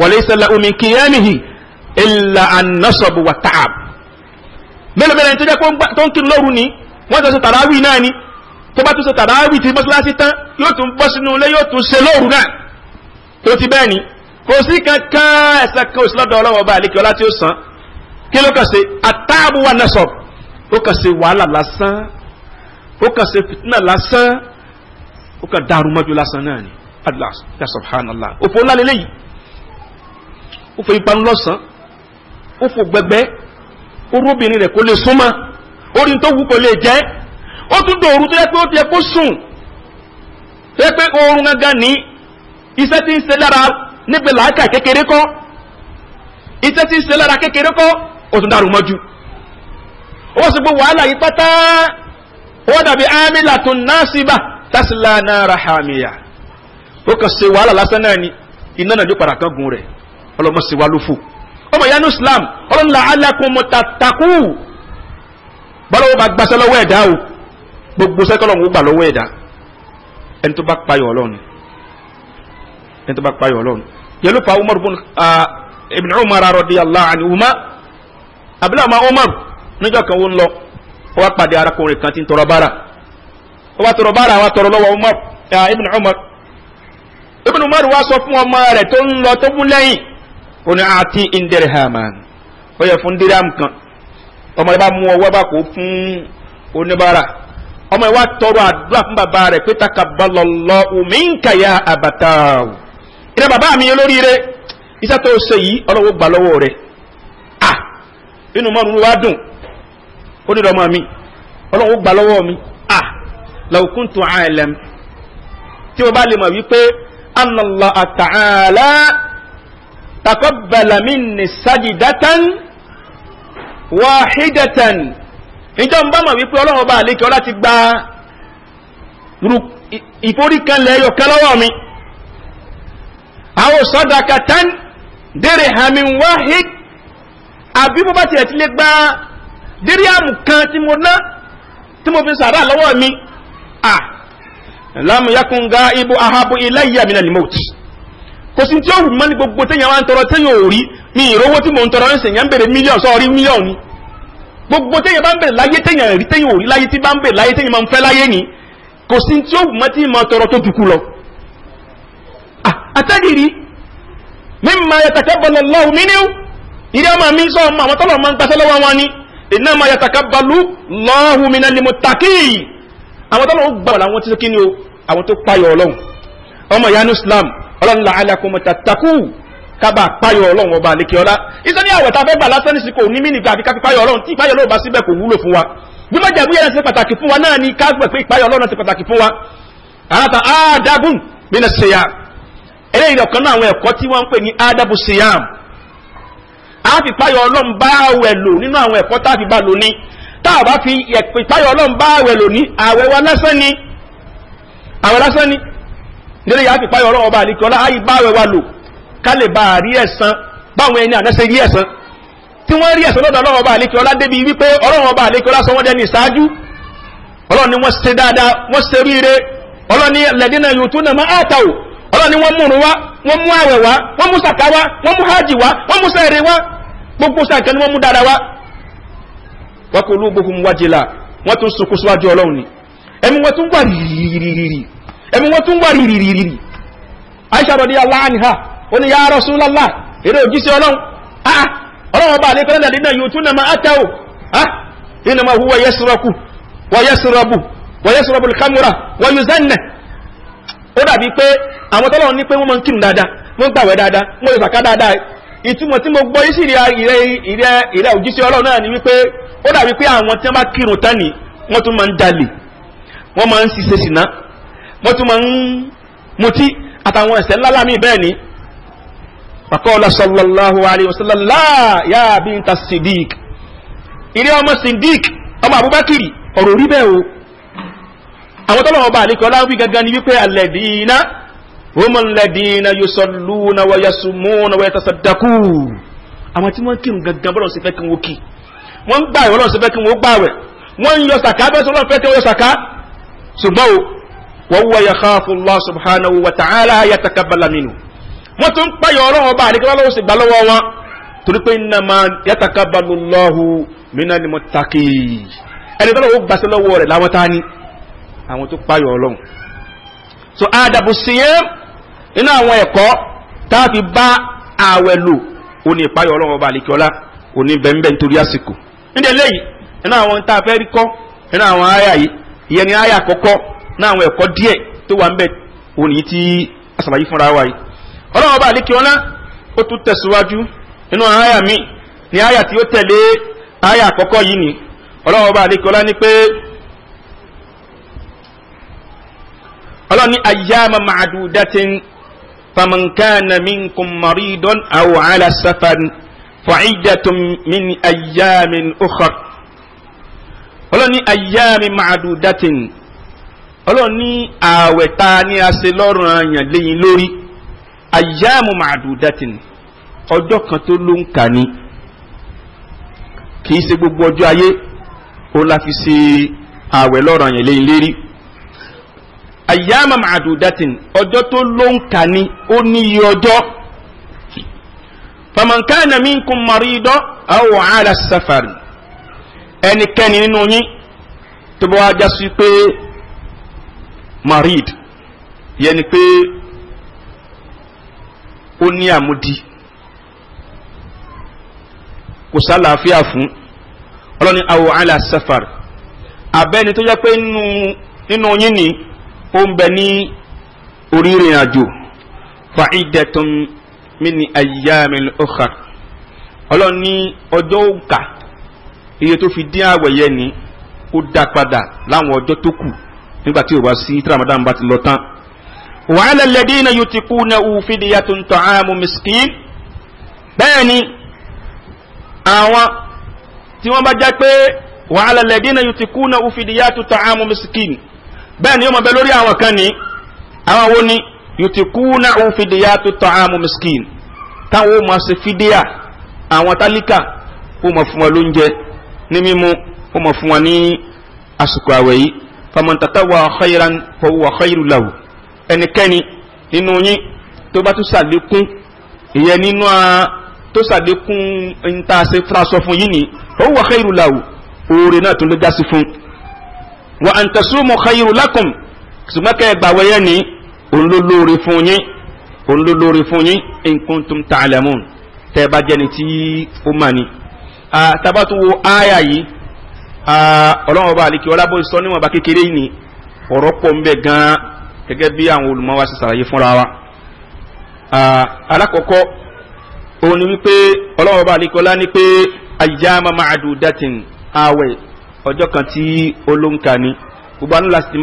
walaysa lahu min qiyamihi illa an-nasab wa ta'ab mélòó mélòó tó jẹ́ tó ń kí lóru ni wọ́n ti ṣe tàràwì náà ni tó bá tún ṣe tàràwì tí mọ́ṣáláṣí tán yóò tún bọ́ sínú ilé yóò tún ṣe lóru náà tó ti bẹ́ẹ̀ ni kò sí kankan ẹ̀sẹ̀ kan òsì lọ́dọ̀ ọlọ́wọ́ ọba àlekè ọlá tí ó sàn kí ló kàn wa nasab ó kàn ṣe wàhálà lásán ó kàn ṣe fìtínà lásán ó kàn dàrú mọ́jú lásán náà ni Allah subhanallah òfò ńlá lélẹ́yìí ó fẹ́ ipanu lọ́sàn ó fò gbẹgbẹ́ ó róbìnrin rẹ̀ kó lè súnmọ́ orin tó wù kó lè jẹ́ ó tún dòru tó yẹ pé ó ti yẹ kó sùn tó yẹ pé oorun gangan ní iṣẹ́ tí ń ṣe lára níbi làákà kékeré kọ́ iṣẹ́ tí ń ṣe lára kékeré kọ́ ó tún dàrú mọ́jú ó sì gbé wàhálà yìí pátá ó dàbí amilatun nasiba tasla nara hamiya ó kàn ṣe wàhálà lásán náà ni iná náà ló padà kán rẹ̀ ọlọ́mọ sí wa lófò ọmọ ìyanu islam ọlọ́nla alákun mọ́tàtàkù bọ́lọ́wọ́ bá gbaṣẹ́ lọ́wọ́ ẹ̀dá o gbogbo sẹ́kọ̀ lọ́wọ́ gbà lọ́wọ́ ẹ̀dá ẹni tó bá payọ̀ ọlọ́run ẹni tó bá payọ̀ ọlọ́run yẹlú fa umar bun ibn umar radiyallahu anhuma abdullahi ma umar níjọ́ kan wọ́n lọ ó wá pàdé arákùnrin kan tí ń tọrọ bára ó wá tọrọ bára wá tọrọ lọ́wọ́ umar ibn umar ibn umar wá sọ fún ọmọ rẹ̀ tó ń lọ tó mú lẹ́yìn ó ní àti indirhaman ó yẹ fún dirham kan ọmọ ìbá mú ọwọ́ bá kó fún oníbàárà ọmọ ìwà tọrọ àdúrà fún bàbá rẹ̀ pé takabbalallahu minka ya abataw ìrẹ́ bàbá mi olórí rẹ̀ iṣẹ́ tó ṣe yìí ọlọ́wọ́ gbà lọ́wọ́ rẹ̀ à ah! inú mọ́nu wa dun ó ní ọmọ mi ọlọ́wọ́ gbà lọ́wọ́ mi à ah! law kuntu a'lam tí mo bá lè mọ̀ wípé anna Allah ta'ala. takọ́bẹ̀lá mi ní sajidatan wàhídẹ̀tàn ìjọ ń bá ma wípé ọlọ́run ọba àlékè ọlá ti gba ìforíkanlẹ̀ ẹyọkẹ́ lọ́wọ́ mi àwọn sọ́dàkàtàn dirhamin wahid àbí bó bá tiẹ̀ ti lè gba díríàmù kan tí mo ná tí mo fi sàrà lọ́wọ́ mi à ah, lámùyákùn ga ibu ahabu ilayya minal mawt kò sí tí ó wù mọ́ ní gbogbo téèyàn wá ń tọrọ téèyàn ò rí ní ìrówó tí mò ń tọrọ ń sèyàn bèrè mílíọ̀n sọ rí mílíọ̀n ni gbogbo téèyàn bá ń bèrè láyé téèyàn rí téèyàn ò rí láyé tí bá ń bèrè láyé téèyàn máa ń fẹ́ láyé ni kò sí tí ó wù mọ́ tí mò ń tọrọ tó dùkú lọ. àtẹ́gìrì mímọ yàtàkẹ́bọ̀lọ̀ lọ́wọ́ mi níw ìrí ọmọ mi sọ ọmọ àwọn tọ́lọ̀ máa ń gbaṣẹ́ ni iná máa yàtàkẹ́bọ̀lù lọ́wọ́ mi náà ni mo tàkì àwọn tọ́lọ̀ ń gbà ọlọ́run làálẹ̀ kò mọ̀ tàtàkùn kábà páyọ̀ ọlọ́run ọba àlékè ọlá iṣẹ́ ní àwẹ̀ a fẹ́ gbà lásán ní sikò ní mí nìgbà àbí káfí páyọ̀ ọlọ́run tí ìpáyọ̀ ọlọ́run bá síbẹ̀ kò wúlò fún wa bí wọ́n jẹ̀bú yẹn ṣe pàtàkì fún wa náà ni ká gbẹ̀ pé ìpáyọ̀ ọlọ́run ṣe pàtàkì fún wa àràtà ádábùn bínú ṣèyà eléyìí ọ̀kan náà àwọn ẹ̀kọ́ tí wọ́n ń pè ní ádábù ṣèyàm a fi ìpáyọ̀ ọlọ́run bá àwẹ̀ lò nínú àwọn ẹ̀kọ́ nílé yàá fi páyọ̀ ọlọ́wọ́ bá àlíkẹ́ ọlá ayé bá wẹ̀ wá lò ká lè bá rí ẹ̀san báwọn ẹni àná rí ẹ̀san tí wọ́n rí ẹ̀san lọ́dọ̀ ọlọ́wọ́ bá àlíkẹ́ ọlá débi wípé ọlọ́wọ́ bá àlíkẹ́ ọlá sọ wọ́n dẹni ìṣáájú ọlọ́ni wọ́n ṣe dáadáa wọ́n ṣe ríire ọlọ́ni lẹ́dínà yòó náà máa ta ò ọlọ́ni wọ́n wọ́n mú àwẹ̀ wọ́n mú sàká wá wọ́n mú wọ́n ẹ̀mí wọ́n tún wà rìrìrìrì Aisha radiyallahu anha ó ní ya Rasulullah eré òjíṣẹ́ ọlọ́run ha ah, ah, ọlọ́run ọba àlekọ́ lẹ́nà dínà yóò na nàmà átẹ́ o ha ah, innama huwa yasraku wa yasrabu ìtumọ̀ tí mo gbọ́ ìrẹ́ ọlọ́run náà ni wípé ó àwọn tí wọ́n bá wọ́n tún ń wọ́n wọ́n tún máa ń mutí àtàwọn ẹ̀ṣẹ̀ ńláńlá mi bẹ́ẹ̀ ni fàkọ́ọ́lá sallallahu alayhi wa sallam láà yá binta sidik ilé ọmọ sidik ọmọ abubakar ọ̀rọ̀ orí bẹ́ẹ̀ o àwọn tọ́lọ̀ ọba àlekọ́ láwí gangan ni wípé alẹ́dìínà roman lẹ́dìínà yusalluna wa yasumuna wa yatasaddaqu àwọn tí wọ́n kírun gangan bọ́lọ̀ sí fẹ́ kí wọ́n kí wọ́n gbààwẹ̀ bọ́lọ̀ sí fẹ́ kí wọ́n gbààwẹ̀ kí wọ́n yọ sàká ṣùgbọ́n wa huwa hafu Allah subhanahu wa ta'ala yataqabbala minhu wọ́n tún ọba àdìgbà lọ́wọ́ sì gbà lọ́wọ́ wọn torí pé innama yataqabbalu Allahu minal muttaqin ẹni tó lọ́wọ́ gbàsẹ́ lọ́wọ́ rẹ̀ àwọn tó so adabu siyam inú àwọn ẹ̀kọ́ tá a fi bá lò ọba ó ní a náà àwọn ẹ̀kọ́ díẹ̀ tó wà ń bẹ òní tí àṣàlàyé fúnra wa yìí ọlọ́run ọba àlékè ọlá ó tún tẹ̀síwájú nínú àyà mi ní àyà tí ó tẹ̀lé àyà àkọ́kọ́ yìí ni ọlọ́run ọba àlékè ọlá ní pé ọlọ́run ní ayyama ma'dudatin faman kana minkum maridan aw ala safarin fa'iddatun min ayyamin ukhra ọlọ́run ní ayyami ma'dudatin ọlọ́run ní ààwẹ̀ ta ni a ṣe lọ́rùn àyàn léyìn lórí ayáàmù màdùdátìn ọjọ́ kan tó ló ń kà ní kì í ṣe gbogbo ọjọ́ ayé ó la fi ṣe ààwẹ̀ lọ́rùn àyàn léyìn lérí ayáàmù màdùdátìn ọjọ́ tó ló ń kà ní ó ní ọjọ́ famankana minkum marido awo ala safari ẹnikẹ́ni nínú yín tó bá wá jásí pé marid yẹn ni pé ó ní àmúdi kò sálàáfíà fún ọlọ́ni awọ ala safar abẹ́ni tó jẹ́ pé nínú yín ni ó ń bẹ ní orí ìrìn àjò fa iddatun min ayyamil ukhar ọlọ́ni ọjọ́ òǹkà iye tó fi dín àwẹ̀ yẹn ni ó dá padà láwọn ọjọ́ tó kù nígbà tí o bá sí tí Ramadan bá ti lọ tán. wa 'ala alladhina yutiqunahu fidyatun ta'amu miskin bẹ́ẹ̀ ni àwọn tí wọ́n bá jẹ́ pé wa 'ala alladhina yutiqunahu fidyatun ta'amu miskin bẹ́ẹ̀ ni yóò máa bẹ lórí àwọn kan ní àwọn wo ni yutiqunahu fidyatun ta'amu miskin táwọn ó máa ṣe fìdíyà àwọn tálíkà ó máa fún wọn lóúnjẹ ní mímu ó máa fún wọn ní àsìkò àwẹ̀ yìí faman tatawa khairan fahuwa khairu lahu ẹnikẹ́ni nínú yín tó bá tún ṣàlékún ìyẹn nínú a tó ṣàlékún níta ṣe fura sọ fún yín ni fahuwa khairu lahu oore náà tó ló já sí fún. wa an tasumu khairu lakum ṣùgbọ́n kẹ́ ẹ gbà wẹ́yẹ ni òun ló lóore fún yín òun ló lóore fún yín in kuntum ta'lamun tẹ́ ẹ bá jẹ́ni tí ó mà ní. àtàbàtúwò ááyà yìí ọlọ́wọ́n bá àlekí ọlábọ̀ sọ níwọ̀nba kékeré yìí ni ọ̀rọ̀ pọ̀ ń bẹ gan-an gẹ́gẹ́ bí àwọn olùmọ̀ wa ṣe ṣàlàyé fúnra wa. alákọ̀ọ́kọ́ òun ni wípé ọlọ́wọ́n bá àlekí ọlá ní pé ayyama ma'adudatin àwẹ̀ ọjọ́ kan tí olóńkà ni gbogbo àánú láti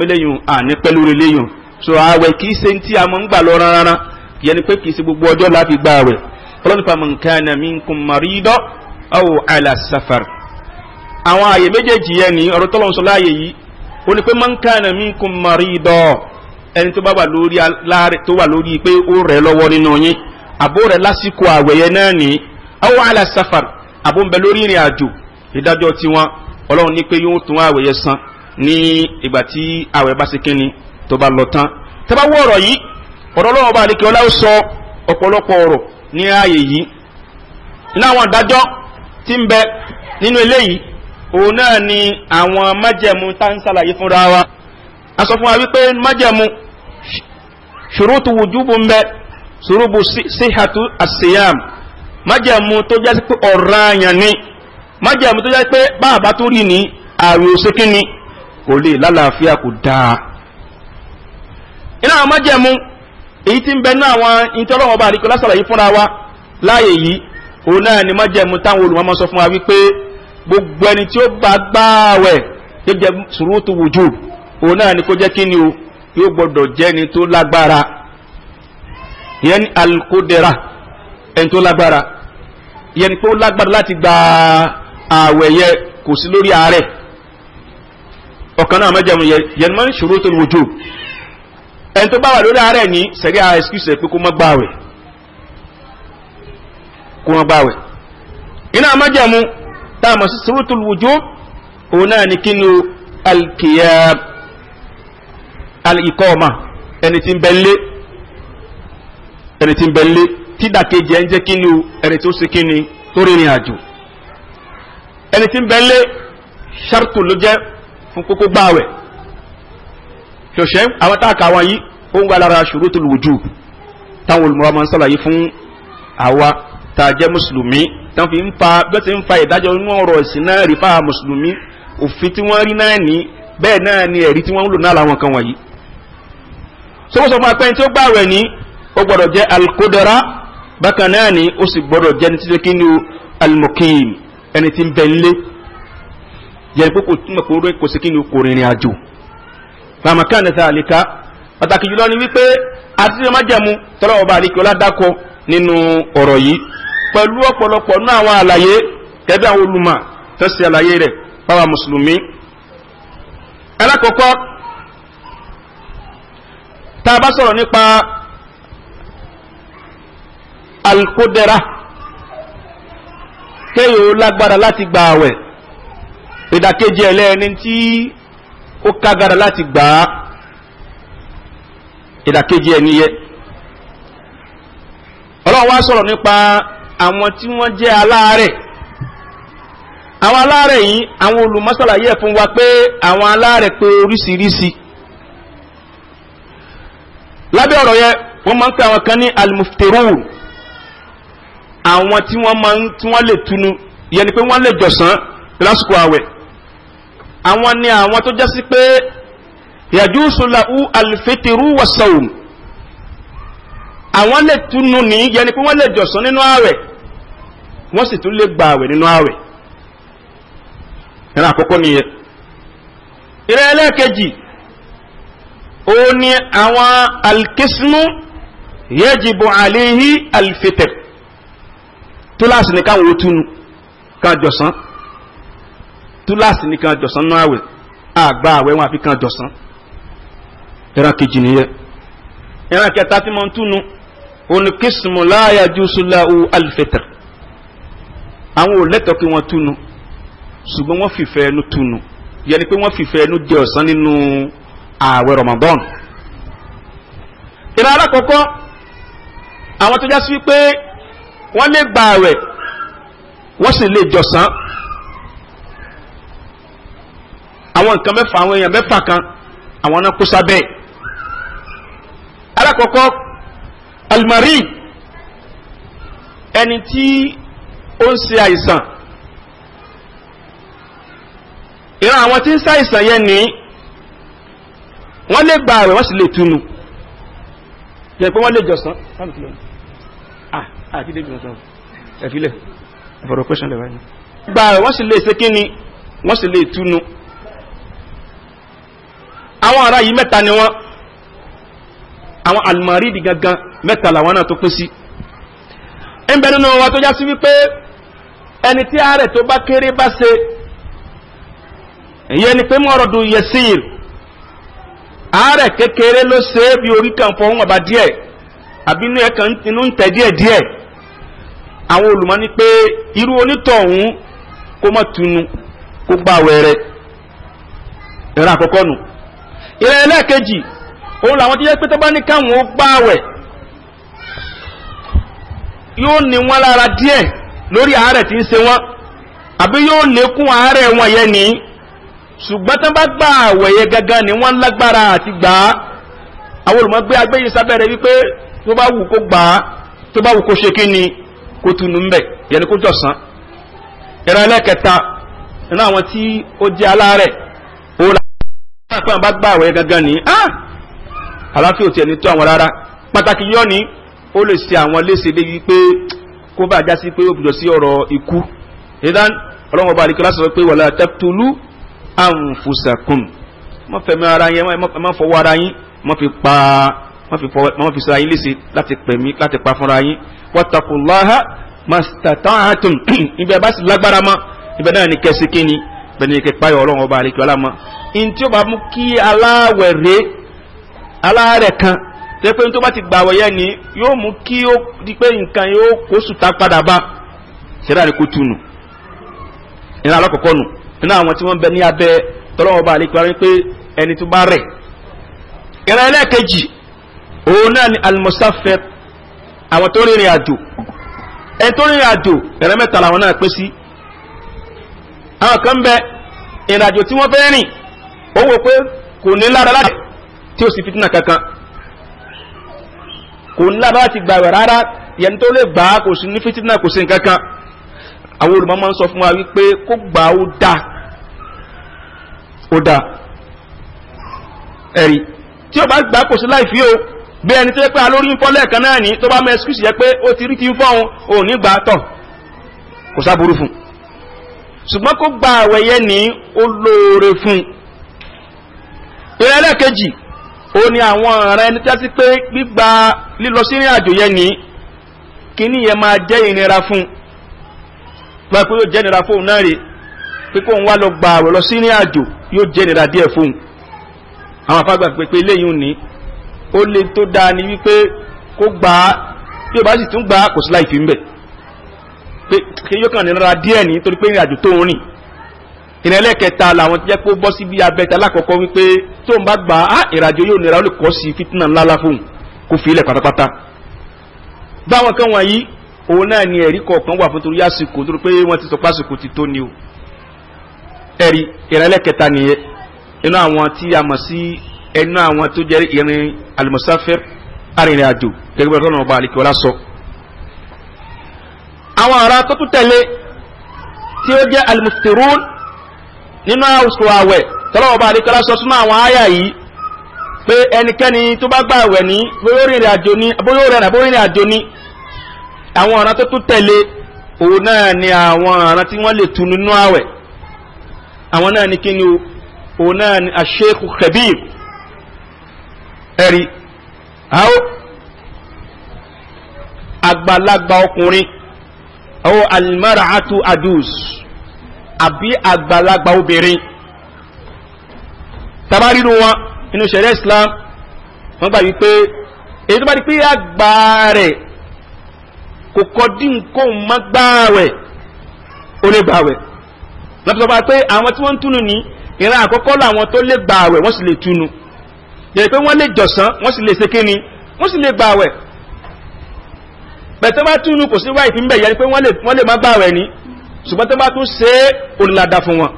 àní pẹ́lú rẹ lẹ́yìn so àwẹ̀ kì í ṣe ti àmọ́ ń gbà lọ rárá yẹn ni pé kì ṣe gbogbo ọjọ́ láti gba àwẹ̀ ọlọ́run fa man àwọn àyè méjèèjì yẹn ní ọ̀rọ̀ tọ́lọ́ sọ láàyè yìí ó ní pé man kana minkum marida ẹni tó bá wà lórí pé ó rẹ̀ lọ́wọ́ nínú yín àbó rẹ̀ lásìkò àwẹ̀ náà ní aw ala safar àbó ń bẹ lórí ìrìn àjò ìdájọ́ tiwọn ọlọ́run ní pé yóò tún àwẹ̀ yẹn san ní ìgbà tí àwẹ̀ bá ṣe kínni tó bá lọ tán tẹ́ bá wọ ọ̀rọ̀ yìí ọ̀rọ̀ ọlọ́run ọba àdékẹ́ ọlá tí ń bẹ nínú eléyìí òun náà ni àwọn májẹ̀mú tá ń sàlàyé fúnra wa a sọ fún wa wípé májẹ̀mú ṣùrùtù wùjúbù ń bẹ ṣùrùbù síhàtú àṣìyàm májẹ̀mú tó jẹ́ pé ọ̀ranyàn ni májẹ̀mú tó jẹ́ pé báàbá tó rí ní àrùn òsèkí ni kò lè lálàáfíà kò dáa iná àwọn májẹ̀mú èyí tí ń bẹ náà àwọn ìtọ́lọ́wọ́n bá àríkọ́ lásàlàyé fúnra wa láàyè yìí òun náà ni májẹ̀mú táwọn olùmọ́mọ́ sọ fún wa wípé gbogbo ẹni tí ó bá gbáàwẹ̀ jẹjẹ sùrùtù wujub òun náà ni kó jẹ́ kí ni o yóò gbọdọ̀ jẹ́ ni tó lágbára yẹn ni alkodera ẹni tó lágbára yẹn ni pé ó lágbára láti gba ààwẹ̀ yẹ kò sí lórí ààrẹ ọ̀kan náà mẹ́jẹ̀ mu yẹn mọ́ ní sùrùtù wujub ẹni tó bá wà lórí ààrẹ ní sẹ́rí ààrẹ excuse pé kó má gbààwẹ̀ kó má gbààwẹ̀ iná mẹ́jẹ̀ tá a mọ̀ sí shurutul wujub òun náà ni kínú alkiyab alikọ́ọ̀mà ẹni tí ń bẹ lé ẹni tí ń bẹ lé tídàkejì ẹ ń jẹ́ kínú ẹni tó ṣe kíni tó rìnrìn àjò ẹni tí ń bẹ ló jẹ́ fún kókó gbáwẹ̀ ṣòṣẹ́ àwọn tá a kà wọ́n yìí ó ń gba lára shurutul wujub táwọn olùmọ̀ọ́ máa ń sọ̀rọ̀ yìí fún àwa ta a jẹ́ mùsùlùmí tán fi ń fa bí ti ń fa ìdájọ́ inú ọ̀rọ̀ ìsìn náà rí fáwọn mùsùlùmí òfin tí wọ́n rí náà ní bẹ́ẹ̀ náà ni ẹ̀rí tí wọ́n ń lò náà làwọn kan wọ̀nyí. sọ́kòsọ fún apẹ́yìn tí ó gbọ́dọ̀ jẹ́ bákan náà ni sì gbọ́dọ̀ jẹ́ ní títí ẹni tí ń bẹ nílé yẹn kò túmọ̀ sí pẹ̀lú ọ̀pọ̀lọpọ̀ ní àwọn àlàyé gẹ́gẹ́ àwọn olùmọ̀ tó ṣe àlàyé rẹ̀ báwa mùsùlùmí alákọ̀ọ́kọ́ tá a bá sọ̀rọ̀ nípa alkódẹ́ra kéèyàn ó lágbára láti gba àwẹ̀ ìdàkejì ẹlẹ́ni tí ó kágara láti gbà á ìdàkejì ẹni yẹ ọlọ́run wá sọ̀rọ̀ nípa àwọn tí wọ́n jẹ́ aláàárẹ̀ àwọn aláàárẹ̀ yìí àwọn olùmọ́sàlàyé fún wa pé àwọn aláàárẹ̀ pé oríṣiríṣi lábẹ́ ọ̀rọ̀ yẹn wọ́n máa ń pè àwọn kan ní almufterun àwọn tí wọ́n máa ń tí wọ́n lè tunu yẹn ni pé wọ́n lè jọ̀sán lásìkò àwẹ̀ àwọn ni àwọn tó jásí pé yàjú sùlà u alfitiru wasawum àwọn lè túnú ní yẹni pé wọ́n lè jọ̀sán nínú ààwẹ̀ wọ́n sì tún lè gba ààwẹ̀ nínú ààwẹ̀ ìran àkọ́kọ́ nìyẹn ìran ẹlẹ́ẹ̀kejì òun ni àwọn alkismu yẹjibu àlehi alfitr túláàsì ní káwọn òtúnu kan jọ̀sán túláàsì ní kan jọ̀sán nínú ààwẹ̀ àgbà ààwẹ̀ wọn àfi kan jọ̀sán ìran kejì nìyẹn ìran kẹta tí mo ń túnu òní kìsìmù láàyà jùsùláwù alifẹtẹ àwọn ò lẹ́tọ̀ọ́ kí wọ́n túnu ṣùgbọ́n wọ́n fìfẹ́ ẹnu túnu yẹni pé wọ́n fìfẹ́ ẹnu jẹ ọ̀sán nínú ààwẹ̀ Ramadan ìlà alákọ̀ọ́kọ́ àwọn tó já sí pé wọ́n lè gba ààwẹ̀ wọ́n sì lè jọ̀sán àwọn nǹkan mẹ́fà àwọn èèyàn mẹ́fà kan àwọn náà kó sábẹ́ alákọ̀ọ́kọ́ almari ẹni tí ó ń ṣe àìsàn ìran àwọn tí ń ṣàìsàn yẹn ni wọ́n lè gba àwẹ̀ wọ́n sì lè túnu yẹ pé wọ́n lè jọsán àti ah, ah, lè jọsán ẹ̀fílẹ̀ ẹ̀fọ̀rọ̀ question lẹ́wà ní gba àwẹ̀ wọ́n sì lè ṣe kíni wọ́n sì lè túnu àwọn ará yìí mẹ́ta ni wọ́n àwọn almaridi gangan mẹ́ta làwọn náà tó pín sí ń bẹ nínú wa tó já sí wípé ẹni tí àárẹ̀ tó bá kéré bá ṣe ìyẹn ni pé mọ́rọ̀dù yẹsìr àárẹ̀ kékeré ló ṣe é bí orí kan fọwọ́n ọba díẹ̀ àbí inú ẹ̀ kan inú ń tẹ̀ díẹ̀ díẹ̀ àwọn olùmọ̀ pé irú onítọ̀hún kó mọ̀ tunu kó gbà wẹ̀rẹ̀ ẹ̀rọ àkọ́kọ́ nù ìrẹ̀ ẹlẹ́ẹ̀kejì òun làwọn tó yẹ pé tó bá ní káwọn ó gbààwẹ̀ yóò ní wọn lára díẹ̀ lórí àárẹ̀ tí ń ṣe wọn àbí yóò lékún àárẹ̀ wọn yẹn ní ṣùgbọ́n tó bá gangan ni wọ́n lágbára àti gbà á àwọn olùmọ̀gbé agbẹ́yìn sábẹ́rẹ́ wípé tó bá wù kó gbà á tó bá wù kó ṣe kí ni kó tunu mbẹ̀ yẹn ni kó jọ̀sán ìran ẹlẹ́kẹta nínú àwọn tí ó jẹ́ aláàrẹ̀ òun làwọn àlàáfíà ò tiẹ̀ ní tó àwọn rárá pàtàkì yọ ni ó lè ṣe àwọn léṣe débi pé kó bá já sí pé ó bùjọ sí ọ̀rọ̀ ikú ìdán ọlọ́run ọba àdìkọ́lá sọ pé wàlá tẹ́tulú àǹfùsàkùn má fẹ̀mí ara yẹn má fọwọ́ ara yín má fi pa má fi sara yín léṣe láti pẹ̀mí láti pa fúnra yín wattaqullaha mastata'tum ibi ẹ̀ bá sì lágbára mọ́ ibẹ̀ náà ni kẹsíkíni bẹ́ẹ̀ kẹpáyọ̀ ọlọ́run bá mú kí aláwẹ̀ aláàrẹ̀ kan tẹ́ pé tó bá ti gbàwọ̀ yẹn ni yóò mú kí ó di pé nǹkan yóò kó sùtá padà bá ṣẹlẹ̀ àríkó túnú nínú alákọ̀ọ́kọ́ nù nínú àwọn tí wọ́n bẹ ní abẹ́ tọ́lọ́wọ́ bá àlekí wáyé pé ẹni tó bá rẹ̀ ìran ẹlẹ́ẹ̀kejì òun náà ni almusafir àwọn tó rìnrìn àjò ẹni tó rìnrìn àjò ìran mẹ́ta làwọn náà pín sí àwọn kan bẹ ìrìn àjò tí wọ́n fẹ́ rìn ó wò pé kò ní lára láti tí ó sì fitina kankan kò ń lábá ti gbàwẹ̀ rárá yẹn tó lè gbà á kò sí ní fitina kò sí nǹkankan àwọn olùmọ̀ máa ń sọ fún wa wípé kó gbà ó dà ó dà ẹ̀rí tí ó bá gbà kò sí láìfí o bí ẹni tó yẹ pé alórí ń fọ́ lẹ́ẹ̀kan náà ní tó bá mọ ẹsikúsì yẹ pé ó ti rí ti ń fọ́hun ò ní gbà á tọ̀ kò sáburú fún ṣùgbọ́n kó gba àwẹ̀ yẹn ní ó lóore fún ìrẹ́lẹ̀ kejì ó ní àwọn ọ̀ràn ẹni tí a ti pé gbígba lílọ sí ìrìn àjò yẹn ní kíní yẹn máa jẹ́ ìnira fún un bá pé yóò jẹ́ ìnira fóun náà rè pé kóun wá lọ gba àwẹ̀ lọ sí ìrìn àjò yóò jẹ́ ìnira díẹ̀ fóun àwọn afágbà pé pé eléyìí ní ó lè tó dáa ni wípé kó gbà á bí o bá sì tún gbà á kò sí láì fi ń bẹ̀ pé yóò kàn nira díẹ̀ ní torí pé ìrìn àjò tó ń rìn ìrẹ́lẹ́kẹta làwọn ti jẹ́ pé ó bọ́ sí bí abẹ́tẹ alákọ̀ọ́kọ́ wípé tó ń bá gbà á ìrìnàjò yóò nira ó lè kọ́ sí fìtínà ńlá ńlá fóun fi ilẹ̀ pátápátá. báwọn kan wọ̀nyí òun náà ni ẹ̀rí kọ̀ọ̀kan wà fún torí àsìkò torí pé wọ́n ti sọ pásìkò ti tó ni o. ẹ̀rí ìrẹ́lẹ́kẹta nìyẹn inú àwọn tí a mọ̀ sí ẹnu àwọn tó jẹ́ ìrìn alimusafir arìnrìnàjò gẹ́gẹ́ tí ó jẹ́ alimustirun nínú àwòsù àwẹ̀ tọ́lọ́wọ́ bá adékọ́lá sọ súnmọ́ àwọn àyà yìí pé ẹnikẹ́ni tó bá gbà àwẹ̀ ní bóyá orin ìrìn àjò ní bóyá orin àbóyá ìrìn àjò ní àwọn ọ̀nà tó tún tẹ̀lé òun náà ni àwọn ọ̀nà tí wọ́n lè tu nínú àwẹ̀ àwọn náà ni kíni òun náà ni àṣekù khabir ẹ̀rí àwọn àgbàlagbà ọkùnrin àwọn almaratu adus àbí àgbàlagbà obìnrin tàbá rírú wọn inú ṣẹ̀rẹ́ islam wọ́n gbà wípé èyí tó bá di pé àgbà rẹ̀ kò kọdí nǹkan mọ́ gbáwẹ̀ ó lè gbàwẹ̀ lọ́pọ̀ sọ pé àwọn tí wọ́n ń túnu ní ìran àkọ́kọ́ làwọn tó lè gbàwẹ̀ wọ́n sì lè túnu yẹ̀rẹ̀ pé wọ́n lè jọ̀sán wọ́n sì lè ṣe kíni wọ́n sì lè gbàwẹ̀ bẹ̀tẹ́ bá túnu kò sí wáyé ìpínbẹ̀ yẹ̀rẹ̀ pé wọ́n lè má gbàwẹ̀ ní ṣùgbọ́n tó bá tún ṣe é olùlàdà fún wọn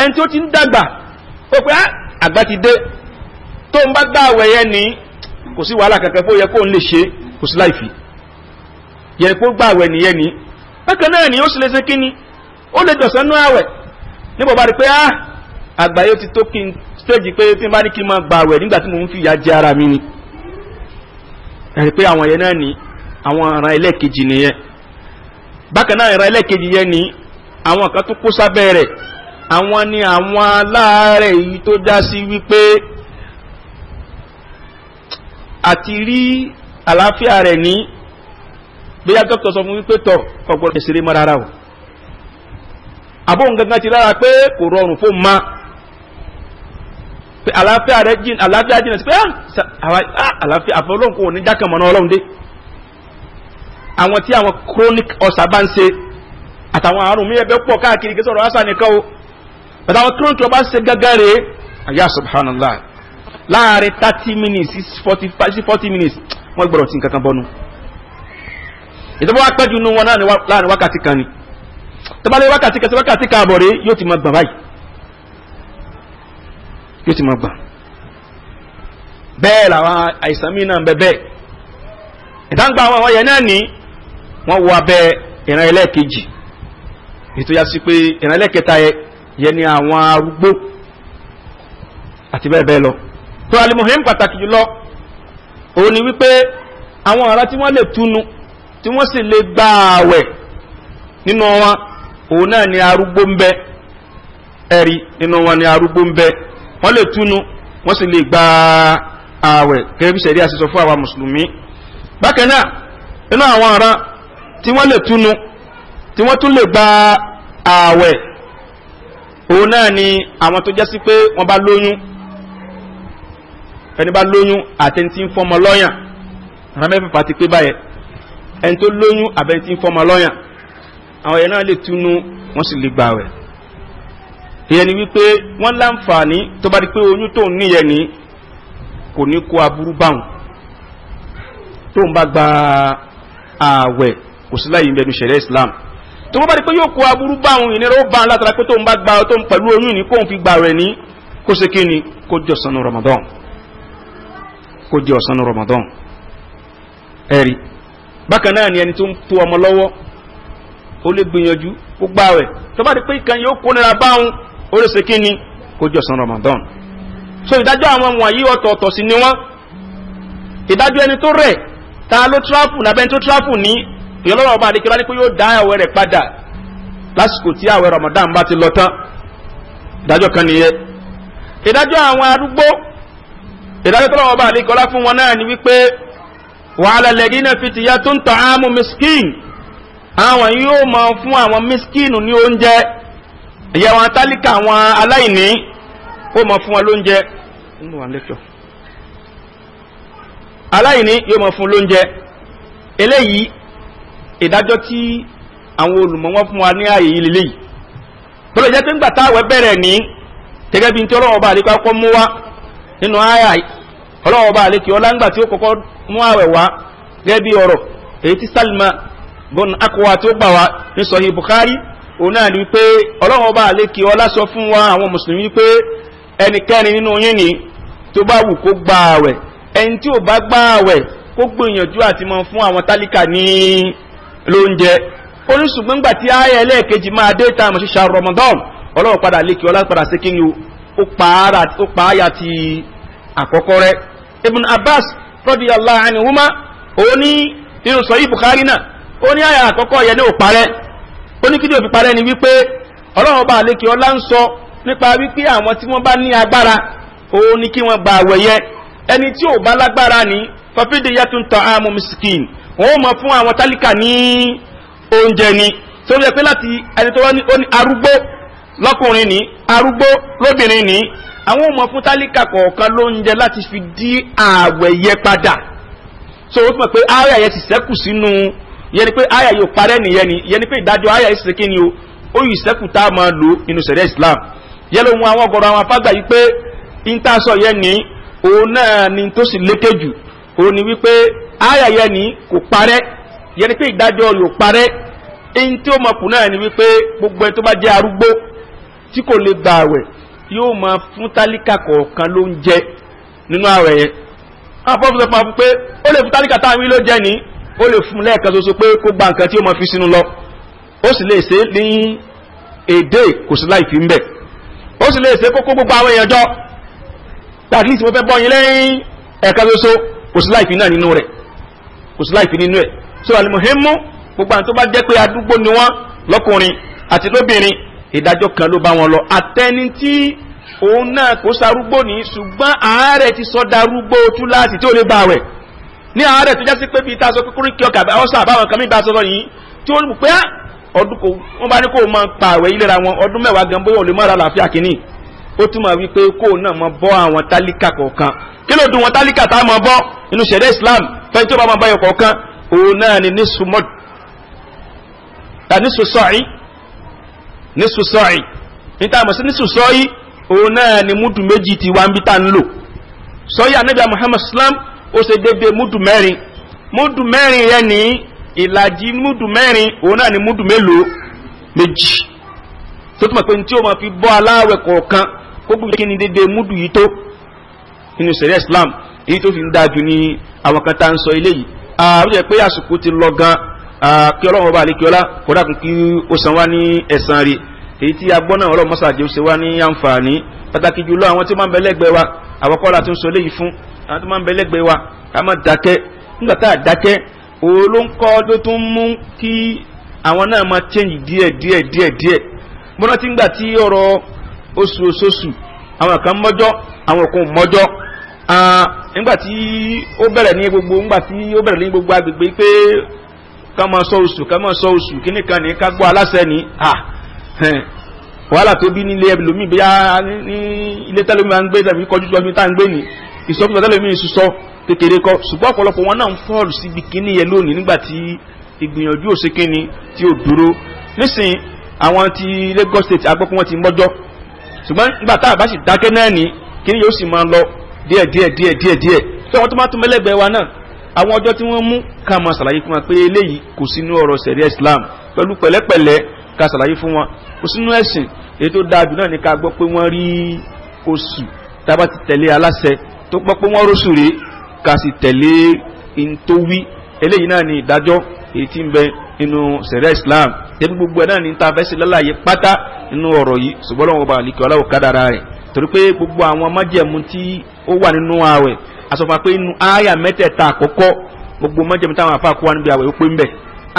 ẹni tí ó ti ń dàgbà ó pé ah, àgbà ti dé tó ń bá gbà àwẹ̀ yẹn ní kò sí wàhálà kankan fó yẹ kó ń lè ṣe kò sí láìfi yẹ kó gbà àwẹ̀ nìyẹn bákan náà ni ó sì lè ṣe kíni ó lè dọ̀sán nú àwẹ̀ níbo bá rí pé ah, àgbáyé ti tó kí n stéèjì pé tí n bá ní kí n máa gbà àwẹ̀ nígbà tí mo ń fi ìyà jẹ ara mi ni ẹ̀rí pé àwọn yẹn náà ní àwọn ọ̀ràn ẹlẹ́ẹ̀kejì nìyẹn bákan náà ìran ẹlẹ́kejì yẹn ni àwọn kan tó kó sábẹ́ rẹ̀ àwọn ni àwọn aláàárẹ̀ yìí tó já sí wípé àti rí àlàáfíà rẹ̀ ní bóyá dókítà sọ fún wípé tọ̀ ọ̀gbọ́n ìṣeré mọ́ rárá o àbóhùn gangan ti lára pé kò rọrùn fún ma pé àlàáfíà rẹ̀ jìn àlàáfíà jìn sí pé ah, ah, àlàáfíà àfọlọ́nkò ò ní jákàmọ́ná ọlọ́run dé àwọn tí àwọn chronic ulcer bá ń ṣe àtàwọn àrùn mi ẹ̀bẹ̀ pọ̀ káàkiri kí sọ̀rọ̀ ásà nìkan o àtàwọn chronic ulcer bá ń ṣe gángan rèé àyà subhanallah láàrin thirty minutes sí forty five sí forty minutes wọ́n gbọ́dọ̀ tí nǹkan kan bọ́nu ìjọba wa pẹ́jù nu wọn láàrin wákàtí kan ni tọ́balẹ̀ wákàtí kẹsẹ̀ wákàtí káàbọ̀ rèé yóò ti mọ gbọ̀n báyìí yóò ti mọ gbọ̀n bẹ́ẹ̀ làwọn àìsàn mí náà ń bẹ bẹ́ẹ̀ ìdáǹgbà àwọn àwọn yẹn náà ní wọ́n wọ abẹ́ ìran ẹlẹ́ẹ̀kejì ètò yà sí pé ìran ẹlẹ́ẹ̀kẹta yẹn ni àwọn arúgbó àti bẹ́ẹ̀ bẹ́ẹ̀ lọ tó alimohim pàtàkì jùlọ òun ni wípé àwọn ará tí wọ́n lè túnu tí wọ́n sì lè gba ààwẹ̀ nínú wọn òun náà ni arúgbó ń bẹ ẹ̀rí nínú wọn ni arúgbó ń bẹ wọ́n lè túnu wọ́n sì lè gba ààwẹ̀ gẹ́gẹ́ bí sẹ̀rí fún àwa mùsùlùmí bákan náà nínú àwọn ará tí wọ́n lè túnu tí wọ́n tún lè gba ààwẹ̀ òun náà ni àwọn tó jẹ́ sí pé wọ́n bá lóyún ẹni bá lóyún àtẹni tí ń fọmọ lọ́yàn ramẹ́fẹ̀fà ti pé báyẹn ẹni tó lóyún àbẹni tí ń fọmọ lọ́yàn àwọn ẹ̀yẹ náà lè túnu wọ́n sì lè gba ààwẹ̀ ìyẹn ni wípé wọ́n láǹfààní tó bá di pé oyún tóun níyẹn ní kò ní kó aburú báwọn tóun bá gba ààwẹ̀ kò sí láyé ìbẹ̀nu ṣẹ̀rẹ̀ islam tó bá bá di pé yóò kó aburú bá òun ìnira ó bá òun látara pé tóun bá gba ọ tóun pẹ̀lú oyún ní kóun fi gba rẹ̀ ní kó ṣe kí ni kó di ọ̀sán ní ramadan kó di ọ̀sán ní ramadan ẹ̀rí bákan náà ni ẹni tó ń tó ọmọ lọ́wọ́ ó lè gbìyànjú kó gbá rẹ̀ tó bá di pé ìkan yóò kó nira bá òun ó lè ṣe kí ni kó di ọ̀sán ramadan so ìdájọ́ àwọn wọ̀nyí ọ̀tọ̀ọ̀tọ̀ sí ni wọ́n ìdájọ́ ẹni tó rẹ̀ ta ló tráfù làbẹ́ni tó tráfù ní ìyọlọ́wọ́ ọba àdìkẹ́lá ni pé yóò dá àwẹ̀ rẹ̀ padà lásìkò tí àwẹ̀ Ramadan bá ti lọ tán ìdájọ́ kan nìyẹn ìdájọ́ àwọn arúgbó ìdájọ́ tọ́lọ́wọ́ ọba àdìkẹ́lá fún wọn náà ni wípé wàhálà lẹ́gí náà fi tìyà tó ń tọ́ àmú miskin àwọn yóò máa fún àwọn miskin ní oúnjẹ ìyá wọn àwọn aláìní ó máa fún wọn lóúnjẹ aláìní yóò máa fún lóúnjẹ eléyìí ìdájọ́ tí àwọn olùmọ̀ wọn fún wa ní ààyè yìí lélẹ́yìí bọ́lá tí ń gbà táwẹ̀ bẹ̀rẹ̀ ní gẹ́gẹ́ bí n tí ọlọ́run lè àlekí mú wá nínú ààyè ọlá ńgbà tí ó kọ́kọ́ mú wá gẹ́gẹ́ bí ọ̀rọ̀ èyí tí ní òun náà ni ọba ọlá sọ fún wa àwọn mùsùlùmí pé ẹnikẹ́ni nínú yín lóúnjẹ oníṣùgbọ́n nígbà tí ayé ẹlẹ́ẹ̀kejì máa dé tá a Ramadan ọlọ́run padà lékè ọlá padà sí kí ni ó ti àkọ́kọ́ rẹ̀ Ibn Abbas radiyallahu anhuma òun ní irun sọ yìí Bukhari náà ó ní àyà àkọ́kọ́ yẹn ní ò ó ní kíndìn òfin parẹ́ ni wípé ọlọ́run bá lékè ọlá ń sọ nípa wípé àwọn tí wọ́n bá ní agbára òun ní kí wọ́n gba ẹni wọ́n mọ̀ fún àwọn tálíkà ní oúnjẹ ni tó yẹ pé láti ẹni tó wá ní arúgbó lọ́kùnrin ní arúgbó lóbìnrin ní àwọn ò mọ̀ fún tálíkà kọ̀ọ̀kan lóúnjẹ láti fi dí ààwẹ̀ yẹ padà so ó fi mọ̀ pé ààyè yẹn ti sẹ́kù sínú yẹn ni pé ààyè yóò parẹ́ nìyẹn ni yẹn ni pé ìdájọ́ ààyè yẹn ṣe kí ni o ó yìí sẹ́kù tá a máa lò nínú sẹ̀rẹ̀ Islam yẹn ló mú àwọn ọ̀gọ̀rọ̀ àwọn afágbà yìí pé intaṣọ yẹn ni òun náà ni tó sì lékejù òun ni wípé ayẹyẹ ni kò parẹ́ yẹni pé ìdájọ́ rẹ̀ ò eyín tí ó mọ̀ kù náà ni wípé gbogbo ẹni tó bá jẹ́ arúgbó tí kò lè gba àwẹ̀ yóò máa fún tálíkà kọ̀ọ̀kan ló ń jẹ nínú àwẹ̀ yẹn àpọ̀fẹ́sọ̀ fún wa fún pé ó lè fún tálíkà táwọn ló jẹ́ ni ó lè fún lẹ́ẹ̀kan ṣoṣo pé kó gba nǹkan tí ó máa fi sínú lọ ó sì lè ṣe ní èdè kò sí láì fi ń bẹ̀ ó sì lè ṣe kókó gbogbo àwọn èèyàn jọ tàbí ìsìn mo fẹ́ bọ́ yín lẹ́yìn ẹ̀ẹ̀kan ṣoṣo kò sí láì fi náà nínú rẹ̀ kò sí láìfi nínú ẹ̀ so alimuhimu gbogbo àwọn tó bá jẹ́ pé àdúgbò ni wọ́n lọ́kùnrin àti lóbìnrin ìdájọ́ kan ló bá wọn lọ àtẹni tí òun náà kò sarúgbó ní ṣùgbọ́n àárẹ̀ ti sọ darúgbó túláàsì tí ó lè bá wẹ̀ ní àárẹ̀ tó jásí pé bíi tá a sọ pé kúrìkì ọkà ọ̀sán àbáwọn kan mìíràn sọ̀rọ̀ yìí tí wọ́n mú pé ah, ọdún kò wọ́n bá ní kó máa pa àwẹ̀ ìlera wọn ọdún mẹ́wàá gan bóyá ò mọ́ra làáfíà kìíní ó túmọ̀ wípé kó náà mọ bọ́ àwọn tálíkà kọ̀ọ̀kan kí ló dùn wọn tálíkà tá a mọ bọ́ inú ṣẹ̀dá Islam fẹ́ tí ó bá mọ báyọ̀ kọ̀ọ̀kan òun náà ni nísù mọ́d ta nísù sọ́ọ̀ì nísù sọ́ọ̀ì níta mọ̀ sí nísù sọ́ọ̀ì òun náà ni múdù méjì ti wá ń bí tá ń lò sọ́ọ̀ì anábìá Muhammad Islam ó ṣe dédé múdù mẹ́rin múdù mẹ́rin yẹn ní ìlàjì múdù mẹ́rin òun náà ni múdù mélòó méjì tó túmọ̀ pé ní tí ó máa fi bọ́ aláwẹ̀ kọ̀ọ̀kan kó bùkún kí ni dédé múdù yìí tó nínú sẹ̀rẹ̀ Islam èyí tó fi ń dáa jù ní àwọn kan tá à ń sọ ilé yìí àwọn jẹ́ pé àsìkò ti lọ gan kí ọlọ́run ọba àlekíọ́lá kó dákun kí ó san wá ní ẹ̀san rẹ̀ èyí tí agbọ́n náà ọlọ́run mọ́sàájì ṣe wá ní àǹfààní pàtàkì jùlọ àwọn tí máa ń bẹ lẹ́gbẹ̀ẹ́ wa àwọn kọ́lá tó ń sọ léyìí fún àwọn tó máa ń bẹ lẹ́gbẹ̀ẹ́ wa ká má dákẹ́ nígbà tá a dákẹ́ òun ló ń kọ́ ló tún mú kí àwọn náà máa change díẹ̀ bọ́nà tí ń gbà tí ọ̀rọ̀ Osu oṣooṣù àwọn kan mọ́jọ́ àwọn kan mọ́jọ́ nígbà tí ó bẹ̀rẹ̀ ní gbogbo nígbà tí ó bẹ̀rẹ̀ ní gbogbo agbègbè pé ká máa sọ oṣù ká máa sọ oṣù kíní kan ní ká gbọ́ aláṣẹ ní wàhálà tó bí nílé ẹlòmíì bí ní ilé tẹ́lómi máa ń gbé tàbí kọjú tó ọdún tá à ń gbé ní ìsọfúnṣọ tẹ́lómi ìsúsọ kékeré kọ ṣùgbọ́n ọ̀pọ̀lọpọ̀ wọn náà ń fọ́ọ̀lù síbi kíní yẹn lónìí nígbà ìgbìyànjú òṣèkíní tí ò dúró nísìnyí àwọn ti Lagos State agbọ́pọ̀ wọn ti mọ́jọ́ ṣùgbọ́n nígbà tá a bá sì dákẹ́ náà ní kí yóò sì máa lọ díẹ̀ díẹ̀ díẹ̀ díẹ̀ díẹ̀ tí àwọn tó máa tún mẹ́lẹ́gbẹ̀ẹ́ wa náà àwọn ọjọ́ tí wọ́n mú ká máa ṣàlàyé fún wa pé eléyìí kò sínú ọ̀rọ̀ sẹ̀rí Islam pẹ̀lú pẹ̀lẹ́pẹ̀lẹ́ ká ṣàlàyé fún wa kò sínú ẹ̀sìn èyí tó dáa jù náà ni ká gbọ́ pé wọ́n rí oṣù tá a bá ti tẹ̀lé aláṣẹ tó gbọ́ pé wọ́n róṣù rèé ká sì tẹ̀lé ntówí eléyìí náà ni ìdájọ́ èyí tí ń bẹ nínú sẹ̀rí Islam tẹ́bí gbogbo ẹ̀ náà ní ta fẹ́ sí lálàyé pátá nínú ọ̀rọ̀ yìí ṣùgbọ́n lọ́wọ́ ọba àlìkẹ́ ọlá òkádàra rẹ̀ torí pé gbogbo àwọn májẹ̀mú tí ó wà nínú ààwẹ̀ àsọfà pé inú àyà mẹ́tẹ̀ẹ̀ta àkọ́kọ́ gbogbo májẹ̀mú táwọn àfa kó wá níbi ààwẹ̀ ó pé ń bẹ̀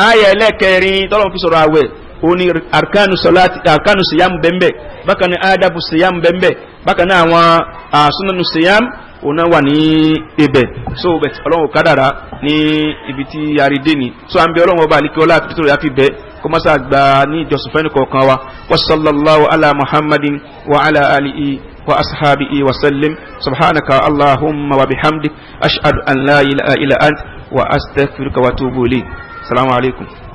àyà ẹlẹ́kẹrin tọ́lọ́run fi sọ̀rọ̀ ààwẹ̀ oni arkanu salati arkanu siyam bembe bákan náà adabu siyam bembe bákan náà àwọn uh, sunanu siyam ona wà ní ibẹ̀ so bet Ọlọ́run kádàrá ní ibi tí yaride ni so an bẹ Ọlọ́run ọba alikiola tuntun ya fi bẹ kọmasa gba ní ìjọsìn fẹni kọ̀ọ̀kan wa wa sallallahu ala muhammadin wa ala alihi wa ashabihi wa sallim subhanaka allahumma wa bihamdik ashhadu an la ilaha illa ant wa astaghfiruka wa atubu ilayk assalamu alaikum